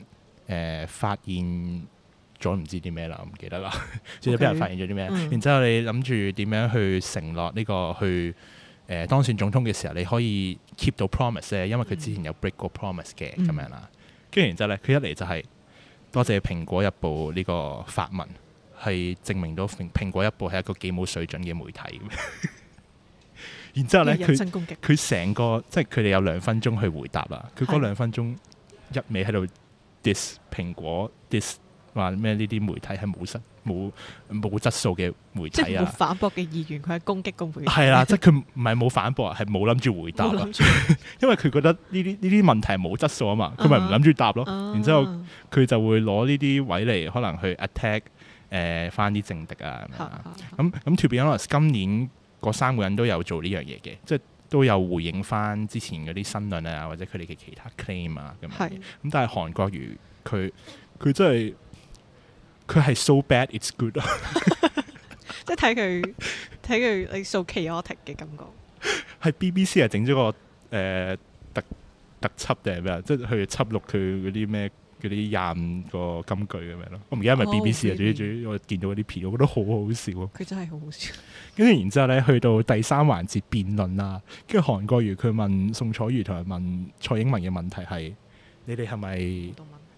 呃、發現咗唔知啲咩啦，唔記得啦。最近俾人發現咗啲咩？嗯、然之後你諗住點樣去承諾呢、這個去誒、呃、當選總統嘅時候，你可以 keep 到 promise 咧，因為佢之前有 break 過 promise 嘅咁、嗯、樣啦。跟住然之後咧，佢一嚟就係多謝蘋果日報呢個發文，係證明到蘋果日報係一個幾冇水準嘅媒體。 然之後咧，佢佢成個即係佢哋有兩分鐘去回答啦。佢嗰兩分鐘一味喺度 dis 蘋果 dis 話咩？呢啲媒體係冇質冇冇質素嘅媒體啊！即係冇反駁嘅意願，佢係攻擊個媒體。係啦，即係佢唔係冇反駁啊，係冇諗住回答啊。因為佢覺得呢啲呢啲問題冇質素啊嘛，佢咪唔諗住答咯。然之後佢就會攞呢啲位嚟可能去 attack 誒翻啲政敵啊咁咁，To be honest，今年。嗰三個人都有做呢樣嘢嘅，即係都有回應翻之前嗰啲新聞啊，或者佢哋嘅其他 claim 啊咁樣是。咁但係韓國如韓國瑜佢佢真係佢係 so bad it's good 啊！ 即係睇佢睇佢你 so chaotic 嘅感覺。喺 BBC 係整咗個誒、呃、特特輯定係咩啊？即係佢輯錄佢嗰啲咩？嗰啲廿五個金句咁樣咯，我唔記得係咪 B B C 啊？總之我見到嗰啲片，我覺得好好笑。佢真係好好笑。跟住然之後咧，去到第三環節辯論啦。跟住韓國瑜佢問宋楚瑜同埋問蔡英文嘅問題係：你哋係咪？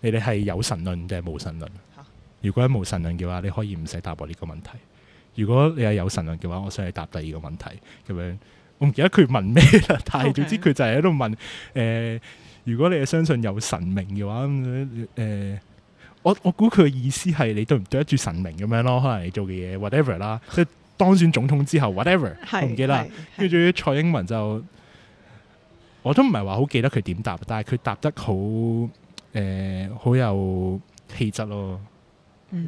你哋係有神論定係無神論？啊、如果係無神論嘅話，你可以唔使答我呢個問題。如果你係有神論嘅話，我想你答第二個問題咁樣。我唔記得佢問咩啦，但係總之佢就係喺度問誒。Okay. 如果你係相信有神明嘅話咁，誒、呃，我我估佢嘅意思係你對唔對得住神明咁樣咯？可能你做嘅嘢 whatever 啦。佢當選總統之後 whatever，是我唔記得啦。跟住蔡英文就我都唔係話好記得佢點答，但係佢答得好誒，好、呃、有氣質咯。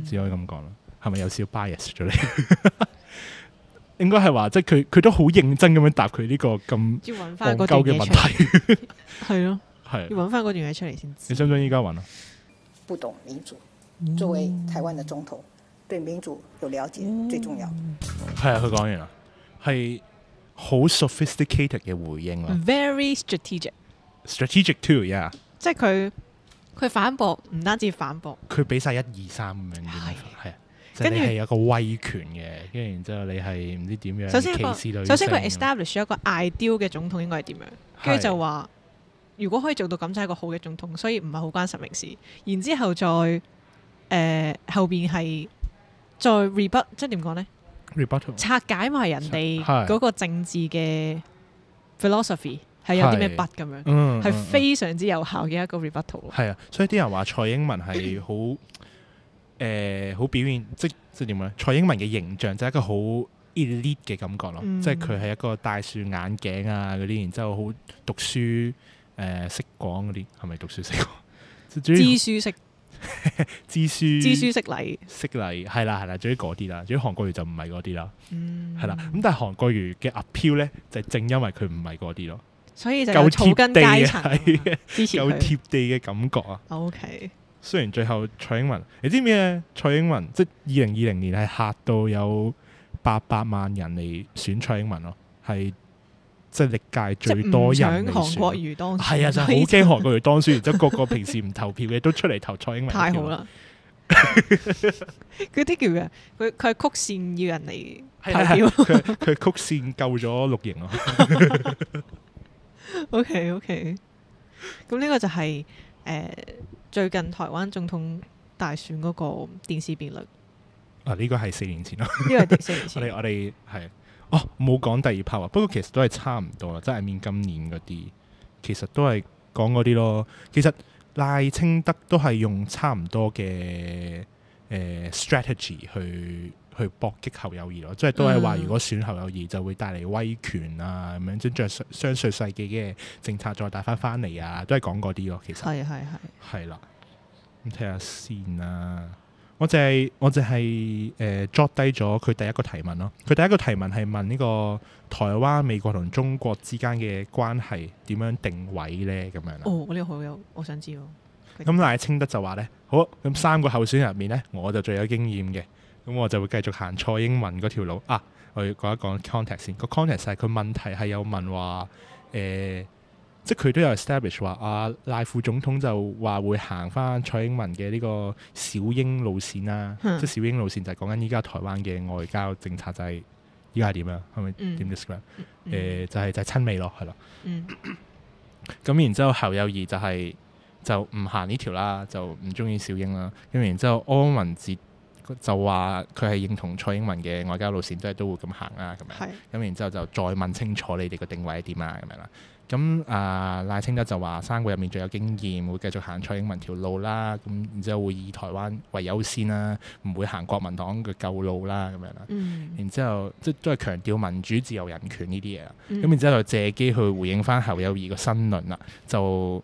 只可以咁講啦，係咪、嗯、有少 bias 咗你？ 應該係話即係佢佢都好認真咁樣答佢呢個咁戇鳩嘅問題，係咯。 係，要搵返段嘢出嚟先。你想唔想依家搵？不懂民主，作為台灣的總統，對民主有了解最重要。係啊，佢講完啦，係好 sophisticated 嘅回應咯。Very strategic, strategic too, yeah. 即係佢佢反駁，唔單止反駁，佢俾晒一二三咁樣。係係啊，即係你係有個威權嘅，跟住然之後你係唔知點樣。首先一個，首先佢 establish 一個 ideal 嘅總統應該係點樣，跟住就話。如果可以做到咁，就係一個好嘅總統，所以唔係好關實名事。然之後再誒、呃、後邊係再 rebut，即點講呢？rebuttal 拆解埋人哋嗰個政治嘅 philosophy 係是有啲咩 but 咁樣，係、嗯嗯嗯、非常之有效嘅一個 rebuttal。係啊，所以啲人話蔡英文係好誒好表現，即即點講呢？蔡英文嘅形象就係一個好 elite 嘅感覺咯，嗯、即係佢係一個戴住眼鏡啊嗰啲，然之後好讀書。誒、呃，識講嗰啲係咪讀書識講？知書識， 知書知書識禮，識禮係啦係啦，至於嗰啲啦，至於韓國瑜就唔係嗰啲啦，係啦。咁但係韓國瑜嘅 appeal 就正因為佢唔係嗰啲咯，所以就草根階層，有貼地嘅感覺啊。OK。雖然最後蔡英文，你知唔知？蔡英文即係二零二零年係吓到有八百萬人嚟選蔡英文咯，係。即係歷屆最多人，係啊，就係好驚韓國瑜當選、啊，然之後個個平時唔投票嘅都出嚟投蔡英文。太好啦！嗰啲 叫咩啊？佢佢曲線要人嚟投票，佢、啊、曲線救咗綠營咯。 OK OK，咁呢個就係、是、誒、呃、最近台灣總統大選嗰個電視辯論。啊，呢個係四年前咯、啊，呢個係四年前。 我哋係。哦，冇講第二 part 啊！不過其實都係差唔多啦，即係面今年嗰啲，其實都係講嗰啲咯。其實賴清德都係用差唔多嘅、呃、strategy 去去搏擊侯友宜咯，即係都係話如果選侯友宜就會帶嚟威權啊咁、嗯、樣，即係將上世紀嘅政策再帶翻翻嚟啊，都係講嗰啲咯。其實係係啦。咁睇下先啊！我就係、是、我就係誒捉低咗佢第一個提問咯。佢第一個提問係問呢個台灣、美國同中國之間嘅關係點樣定位呢？咁樣哦，我呢個好有我想知。咁賴清德就話呢，好，咁三個候選人入面呢，我就最有經驗嘅，咁我就會繼續行蔡英文嗰條路啊。我要講一講 context 先，個 context 係佢問題係有問話誒。呃即係佢都有 establish 話啊，賴副總統就話會行翻蔡英文嘅呢個小英路線啦、啊，哼即係小英路線就係講緊依家台灣嘅外交政策就係依家係點啊？係咪點 describe？、嗯嗯呃、就係、是、就係、是、親味親美咯，係啦。咁、嗯、然之後侯友宜就係、是、就唔行呢條啦，就唔中意小英啦。咁然之後柯文哲就話佢係認同蔡英文嘅外交路線，即、就、係、是、都會咁行啦，咁樣是。咁然之後就再問清楚你哋個定位係點啊？咁樣啦。咁啊，賴清德就話：三個入面最有經驗，會繼續行蔡英文條路啦。咁、嗯、然之後會以台灣為優先啦，唔會行國民黨嘅舊路啦，咁樣啦。然之後即係都係強調民主、自由、人權呢啲嘢。咁然之後就借機去回應翻侯友宜個新論啦。就誒、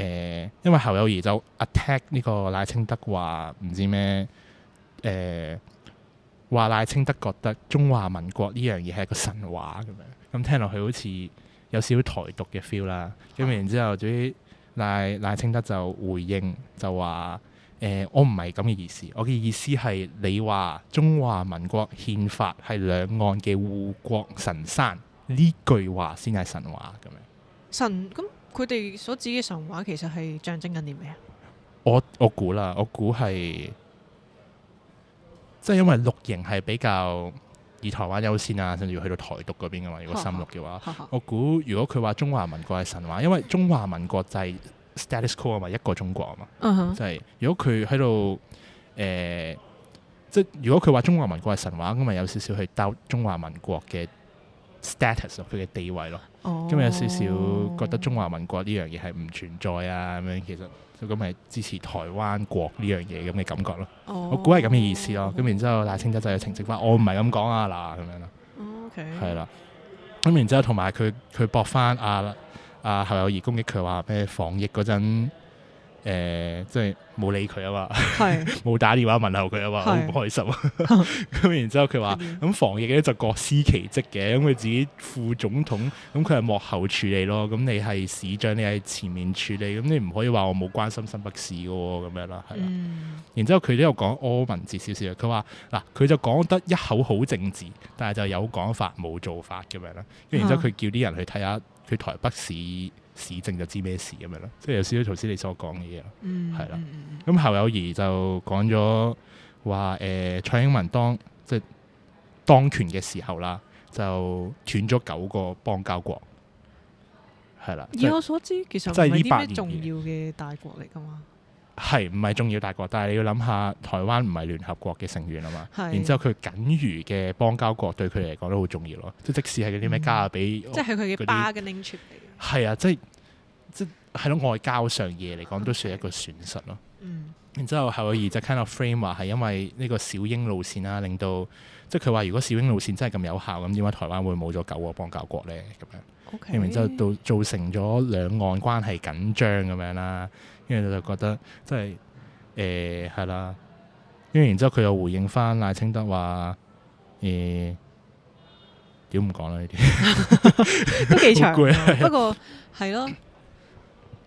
呃，因為侯友宜就 attack 呢個賴清德話唔知咩誒，話、呃、賴清德覺得中華民國呢樣嘢係一個神話咁樣。咁聽落去好似～有少少台獨嘅 feel 啦的，咁然之後，總之賴賴清德就回應，就話：誒、呃，我唔係咁嘅意思，我嘅意思係你話中華民國憲法係兩岸嘅護國神山呢、嗯、句話先係神話咁樣。神咁佢哋所指嘅神話其實係象徵緊啲咩啊？我我估啦，我估係即係因為綠營係比較，以台灣優先啊，甚至去到台獨嗰邊噶嘛。如果深綠嘅話，呵呵，我估如果佢話中華民國係神話，因為中華民國就係 status quo 啊嘛，一個中國啊嘛，即係、嗯、哼如果佢喺度誒，即係如果佢話中華民國係神話，咁咪有少少去兜中華民國嘅。status 佢嘅地位咯，咁、oh. 有少少覺得中華民國呢樣嘢係唔存在啊，咁樣，其實咁咪支持台灣國呢樣嘢咁嘅感覺咯。Oh. 我估係咁嘅意思咯，咁、oh. 然之後賴清德就有澄清翻，我唔係咁講啊嗱，咁樣咯。OK. 係啦，咁然之後同埋佢佢駁翻阿阿侯友宜攻擊佢話咩防疫嗰陣。誒、呃，即係冇理佢啊嘛，冇是 打電話問候佢啊嘛，好唔是開心。咁 然之後佢話：咁 防疫咧就各司其職嘅，咁佢自己副總統，咁佢係幕後處理咯。咁你係市長，你係前面處理，咁你唔可以話我冇關心新北市嘅喎，咁樣啦，係啦。嗯、然之後佢呢度講柯文哲少少佢話：嗱，佢就講得一口好政治，但係就有講法冇做法咁樣啦。咁然之後佢叫啲人去睇下佢台北市。市政就知咩事咁樣咯，即係有少少頭先你所講嘅嘢咯，係啦、嗯。咁侯友宜就講咗話誒，蔡英文當即當權嘅時候啦，就斷咗九個邦交國，係啦。以我所知，其實即係呢啲咩重要嘅大國嚟㗎嘛？係唔係重要大國？但係你要諗下，台灣唔係聯合國嘅成員啊嘛。的然之後佢僅餘嘅邦交國對佢嚟講都好重要咯。嗯、即即使係嗰啲咩加勒比，嗯、即係佢嘅巴嘅拎出嚟。些係啊，即係即係咯，外交上嘢嚟講都算係一個損失咯 Okay.。然之後係我二仔 Ken Fram 話係因為呢個小英路線啊，令到即係佢話如果小英路線真係咁有效，咁點解台灣會冇咗九個邦交國咧？咁樣，Okay. 樣，然之後到造成咗兩岸關係緊張咁樣啦。跟住就覺得即係誒係啦。因、呃、住然之後佢又回應翻賴清德話誒。呃屌唔講啦呢啲， 都幾長。 不過係咯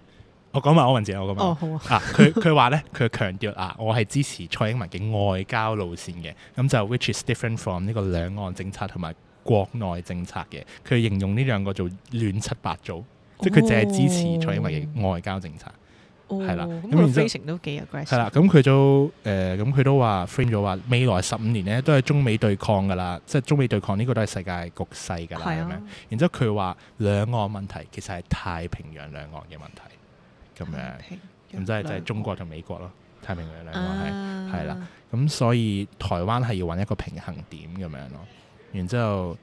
，我講埋柯文哲我講。哦好啊，啊佢佢話咧，佢強調啊，我係支持蔡英文嘅外交路線嘅，咁就 which is different from 呢個兩岸政策同埋國內政策嘅。佢形容呢兩個做亂七八糟，哦、即係佢淨係支持蔡英文嘅外交政策。係啦，咁佢後都幾有。係啦，咁佢、呃、都誒，咁佢都話 frame 咗話，未來十五年呢都係中美對抗噶啦，即係中美對抗呢個都係世界局勢噶啦咁樣。然之後佢話兩岸問題其實係太平洋兩岸嘅問題，咁樣，咁即係就係、是就是、中國同美國咯，太平洋兩岸係係啦。咁、啊、所以台灣係要揾一個平衡點咁樣咯。然之後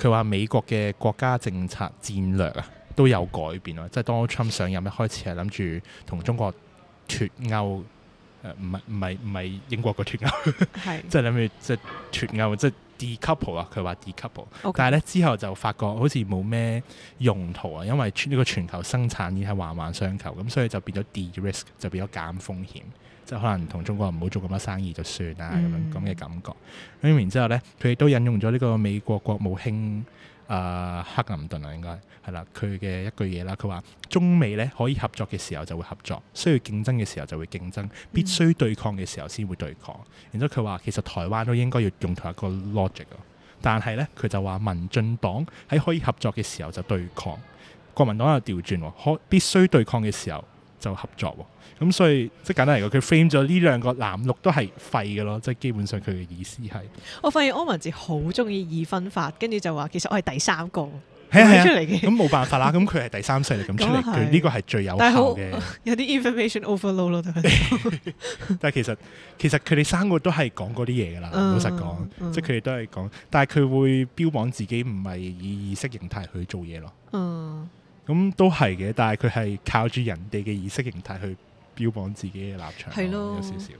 佢話美國嘅國家政策戰，戰略啊。都有改變啊！即係 Donald Trump 上任一開始係諗住同中國脫歐，誒唔係唔係唔係英國嘅脫歐，即係諗住即係脫歐即係 decouple 啊！佢話 decouple，但係咧之後就發覺好似冇咩用途啊，因為呢個全球生產已經係環環相求相扣，咁所以就變咗 de-risk 就變咗減風險，即係可能同中國唔好做咁多生意就算啦咁、嗯、樣咁嘅感覺。咁然之後咧，佢亦都引用咗呢個美國國務卿。啊，uh, 克林頓啊，應該係啦，佢嘅一句嘢啦，佢話中美咧可以合作嘅時候就會合作，需要競爭嘅時候就會競爭，必須對抗嘅時候先會對抗。然之後佢話其實台灣都應該要用同一個 logic，但係咧佢就話民進黨喺可以合作嘅時候就對抗，國民黨又調轉，可必須對抗嘅時候，就合作喎，咁所以即係簡單嚟講，佢 frame 咗呢兩個藍綠都係廢嘅咯，即係基本上佢嘅意思係。我發現柯文哲好中意二分法，跟住就話其實我係第三個咁出嚟嘅，咁冇辦法啦，咁佢係第三勢力咁出嚟佢呢個係最有效嘅。有啲 information overload 咯， 但係其實其實佢哋三個都係講嗰啲嘢噶啦，嗯、老實講，嗯、即係佢哋都係講，但係佢會標榜自己唔係以意識形態去做嘢咯。嗯。咁、嗯、都係嘅，但係佢係靠住人哋嘅意識形態去標榜自己嘅立場，係咯的，有少少。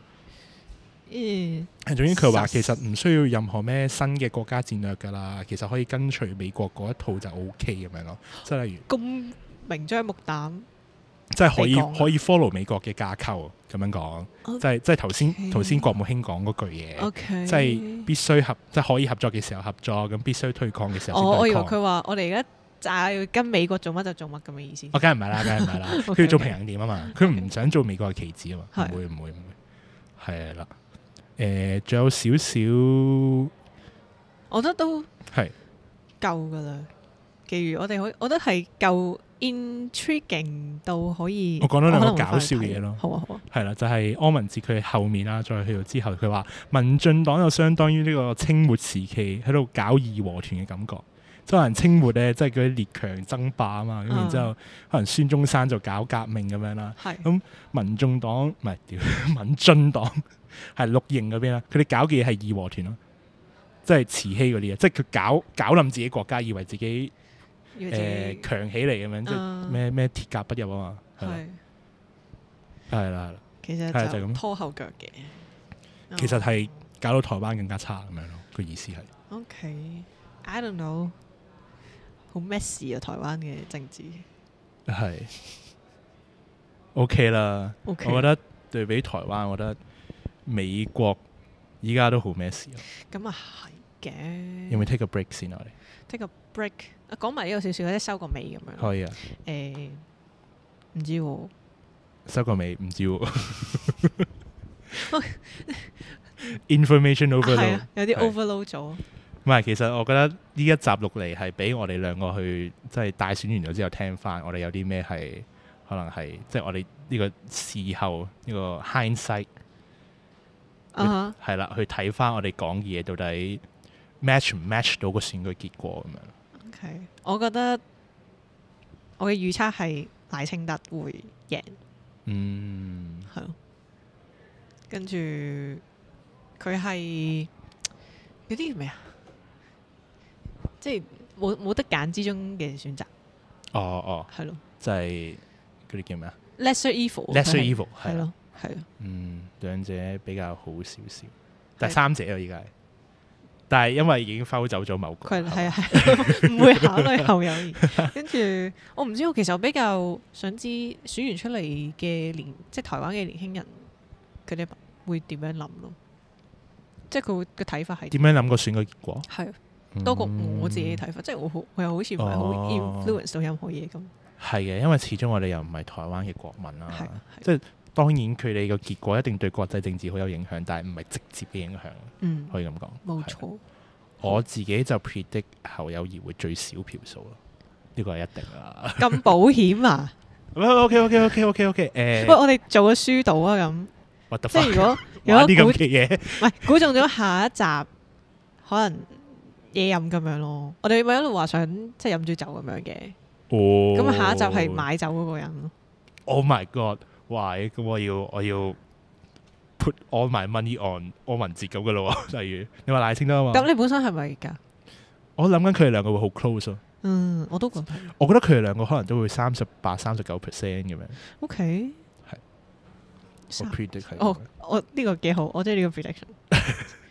嗯。總之佢話其實唔需要任何咩新嘅國家戰略噶啦，其實可以跟隨美國嗰一套就 OK 咁樣咯。即係例如。咁明目張膽。即係可以可以 follow 美國嘅架構咁樣講，即係即係頭先頭先國務卿講嗰句嘢，即係 okay, 必須合，即、就、係、是、可以合作嘅時候合作，咁必須推抗嘅時候推抗。哦，我以為佢話我哋而家。就係跟美國做乜就做乜咁嘅意思。我梗係唔係啦，梗係唔係啦。佢要做平衡點啊嘛，佢唔想做美國嘅棋子啊嘛，唔會唔會唔會，係啦的。誒，仲、呃、有少少的，我覺得都係夠噶啦。譬如我哋可我覺得係夠 intriguing 到可以。我講咗兩個搞笑嘢咯好、啊。好啊好啊。係啦，就係、是、柯文哲，佢後面啦，再去到之後，佢話民進黨就相當於呢個清末時期喺度搞義和團嘅感覺。即係人清末咧，即係嗰啲列強爭霸啊嘛，咁、嗯、然之後可能孫中山就搞革命咁樣啦。係咁是，民眾黨唔係屌民進黨，係 綠營嗰邊啦。佢哋搞嘅嘢係義和團咯，即係慈禧嗰啲啊，即係佢搞搞冧自己國家，以為自己誒強、呃、起嚟咁樣，即係咩咩鐵甲不入啊嘛。係係啦係啦，其實係就咁拖後腳嘅。其實係搞到台灣更加差咁樣咯，個意思係。o、okay, k I don't know. 好 mess 啊？台灣嘅政治係 OK 啦。我覺得對比台灣，我覺得美國依家都好 mess 啊？咁啊，係嘅。有冇 take a break 先啊？我哋 take a break 啊？講埋呢個少少，或者收個尾咁樣。可以啊。誒，唔知喎。收個尾唔知喎。Information overload。係啊，有啲 overload 咗。唔係，其實我覺得呢一集錄嚟係俾我哋兩個去，即係大選完咗之後聽翻，我哋有啲咩係可能係，即係我哋呢個事後呢個 hindsight，啊，係啦、uh huh.，去睇翻我哋講嘢到底 match 唔 match 到個選舉結果咁樣。OK，我覺得我嘅預測係賴清德會贏。嗯，係。跟住佢係有啲咩啊？即係冇冇得揀之中嘅選擇。哦哦，係咯，就係嗰啲叫咩啊？Lesser evil，lesser evil，係咯，係。嗯，兩者比較好少少，第三者啊依家，但係因為已經拋走咗某個，係啊係啊，唔會考慮后友誼。跟住我唔知，我其實我比較想知選完出嚟嘅年，即係台灣嘅年輕人，佢哋會點樣諗咯？即係佢會嘅睇法係點樣諗個選嘅結果？係。多過我自己嘅睇法，即係我好，我又好似唔係好 influence 到任何嘢咁。係嘅，因為始終我哋又唔係台灣嘅國民啦，即係當然佢哋個結果一定對國際政治好有影響，但係唔係直接嘅影響。嗯，可以咁講。冇錯。我自己就 predict 侯友宜會最少票數咯，呢個係一定啦。咁保險啊？OK OK OK OK OK。誒，喂，我哋做個書度啊咁。即係如果有一啲咁嘅嘢，唔係估中咗下一集可能。嘢飲咁樣咯，我哋咪一路話想即係飲住酒咁樣嘅，咁下一集係買酒嗰個人。Oh my god！哇，咁我要我要 put all my money on 柯文哲咁嘅咯喎。例如你話賴清德啊嘛，咁你本身係咪噶？我諗緊佢哋兩個會好 close 咯。嗯，我都覺得。我覺得佢哋兩個可能都會三十八、三十九 percent 咁樣。OK，係。Predict 係。哦，我呢個幾好，我中意呢個 prediction。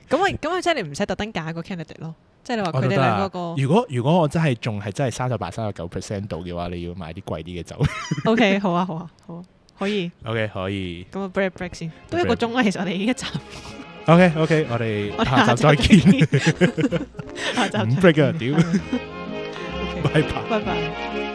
咁啊，咁啊，即係你唔使特登揀一個 candidate 咯。即係你話佢哋兩個個，如果如果我真係仲係真係三十八、三十九 percent 到嘅話，你要買啲貴啲嘅酒。OK，好啊，好啊，好啊，可以。O、okay, K，可以。咁啊，break break 先，break. 都一個鐘啦。其實我哋已經一集。OK，OK，我哋下集再見。 下集， 下集 break 啊，屌！again 拜拜拜拜。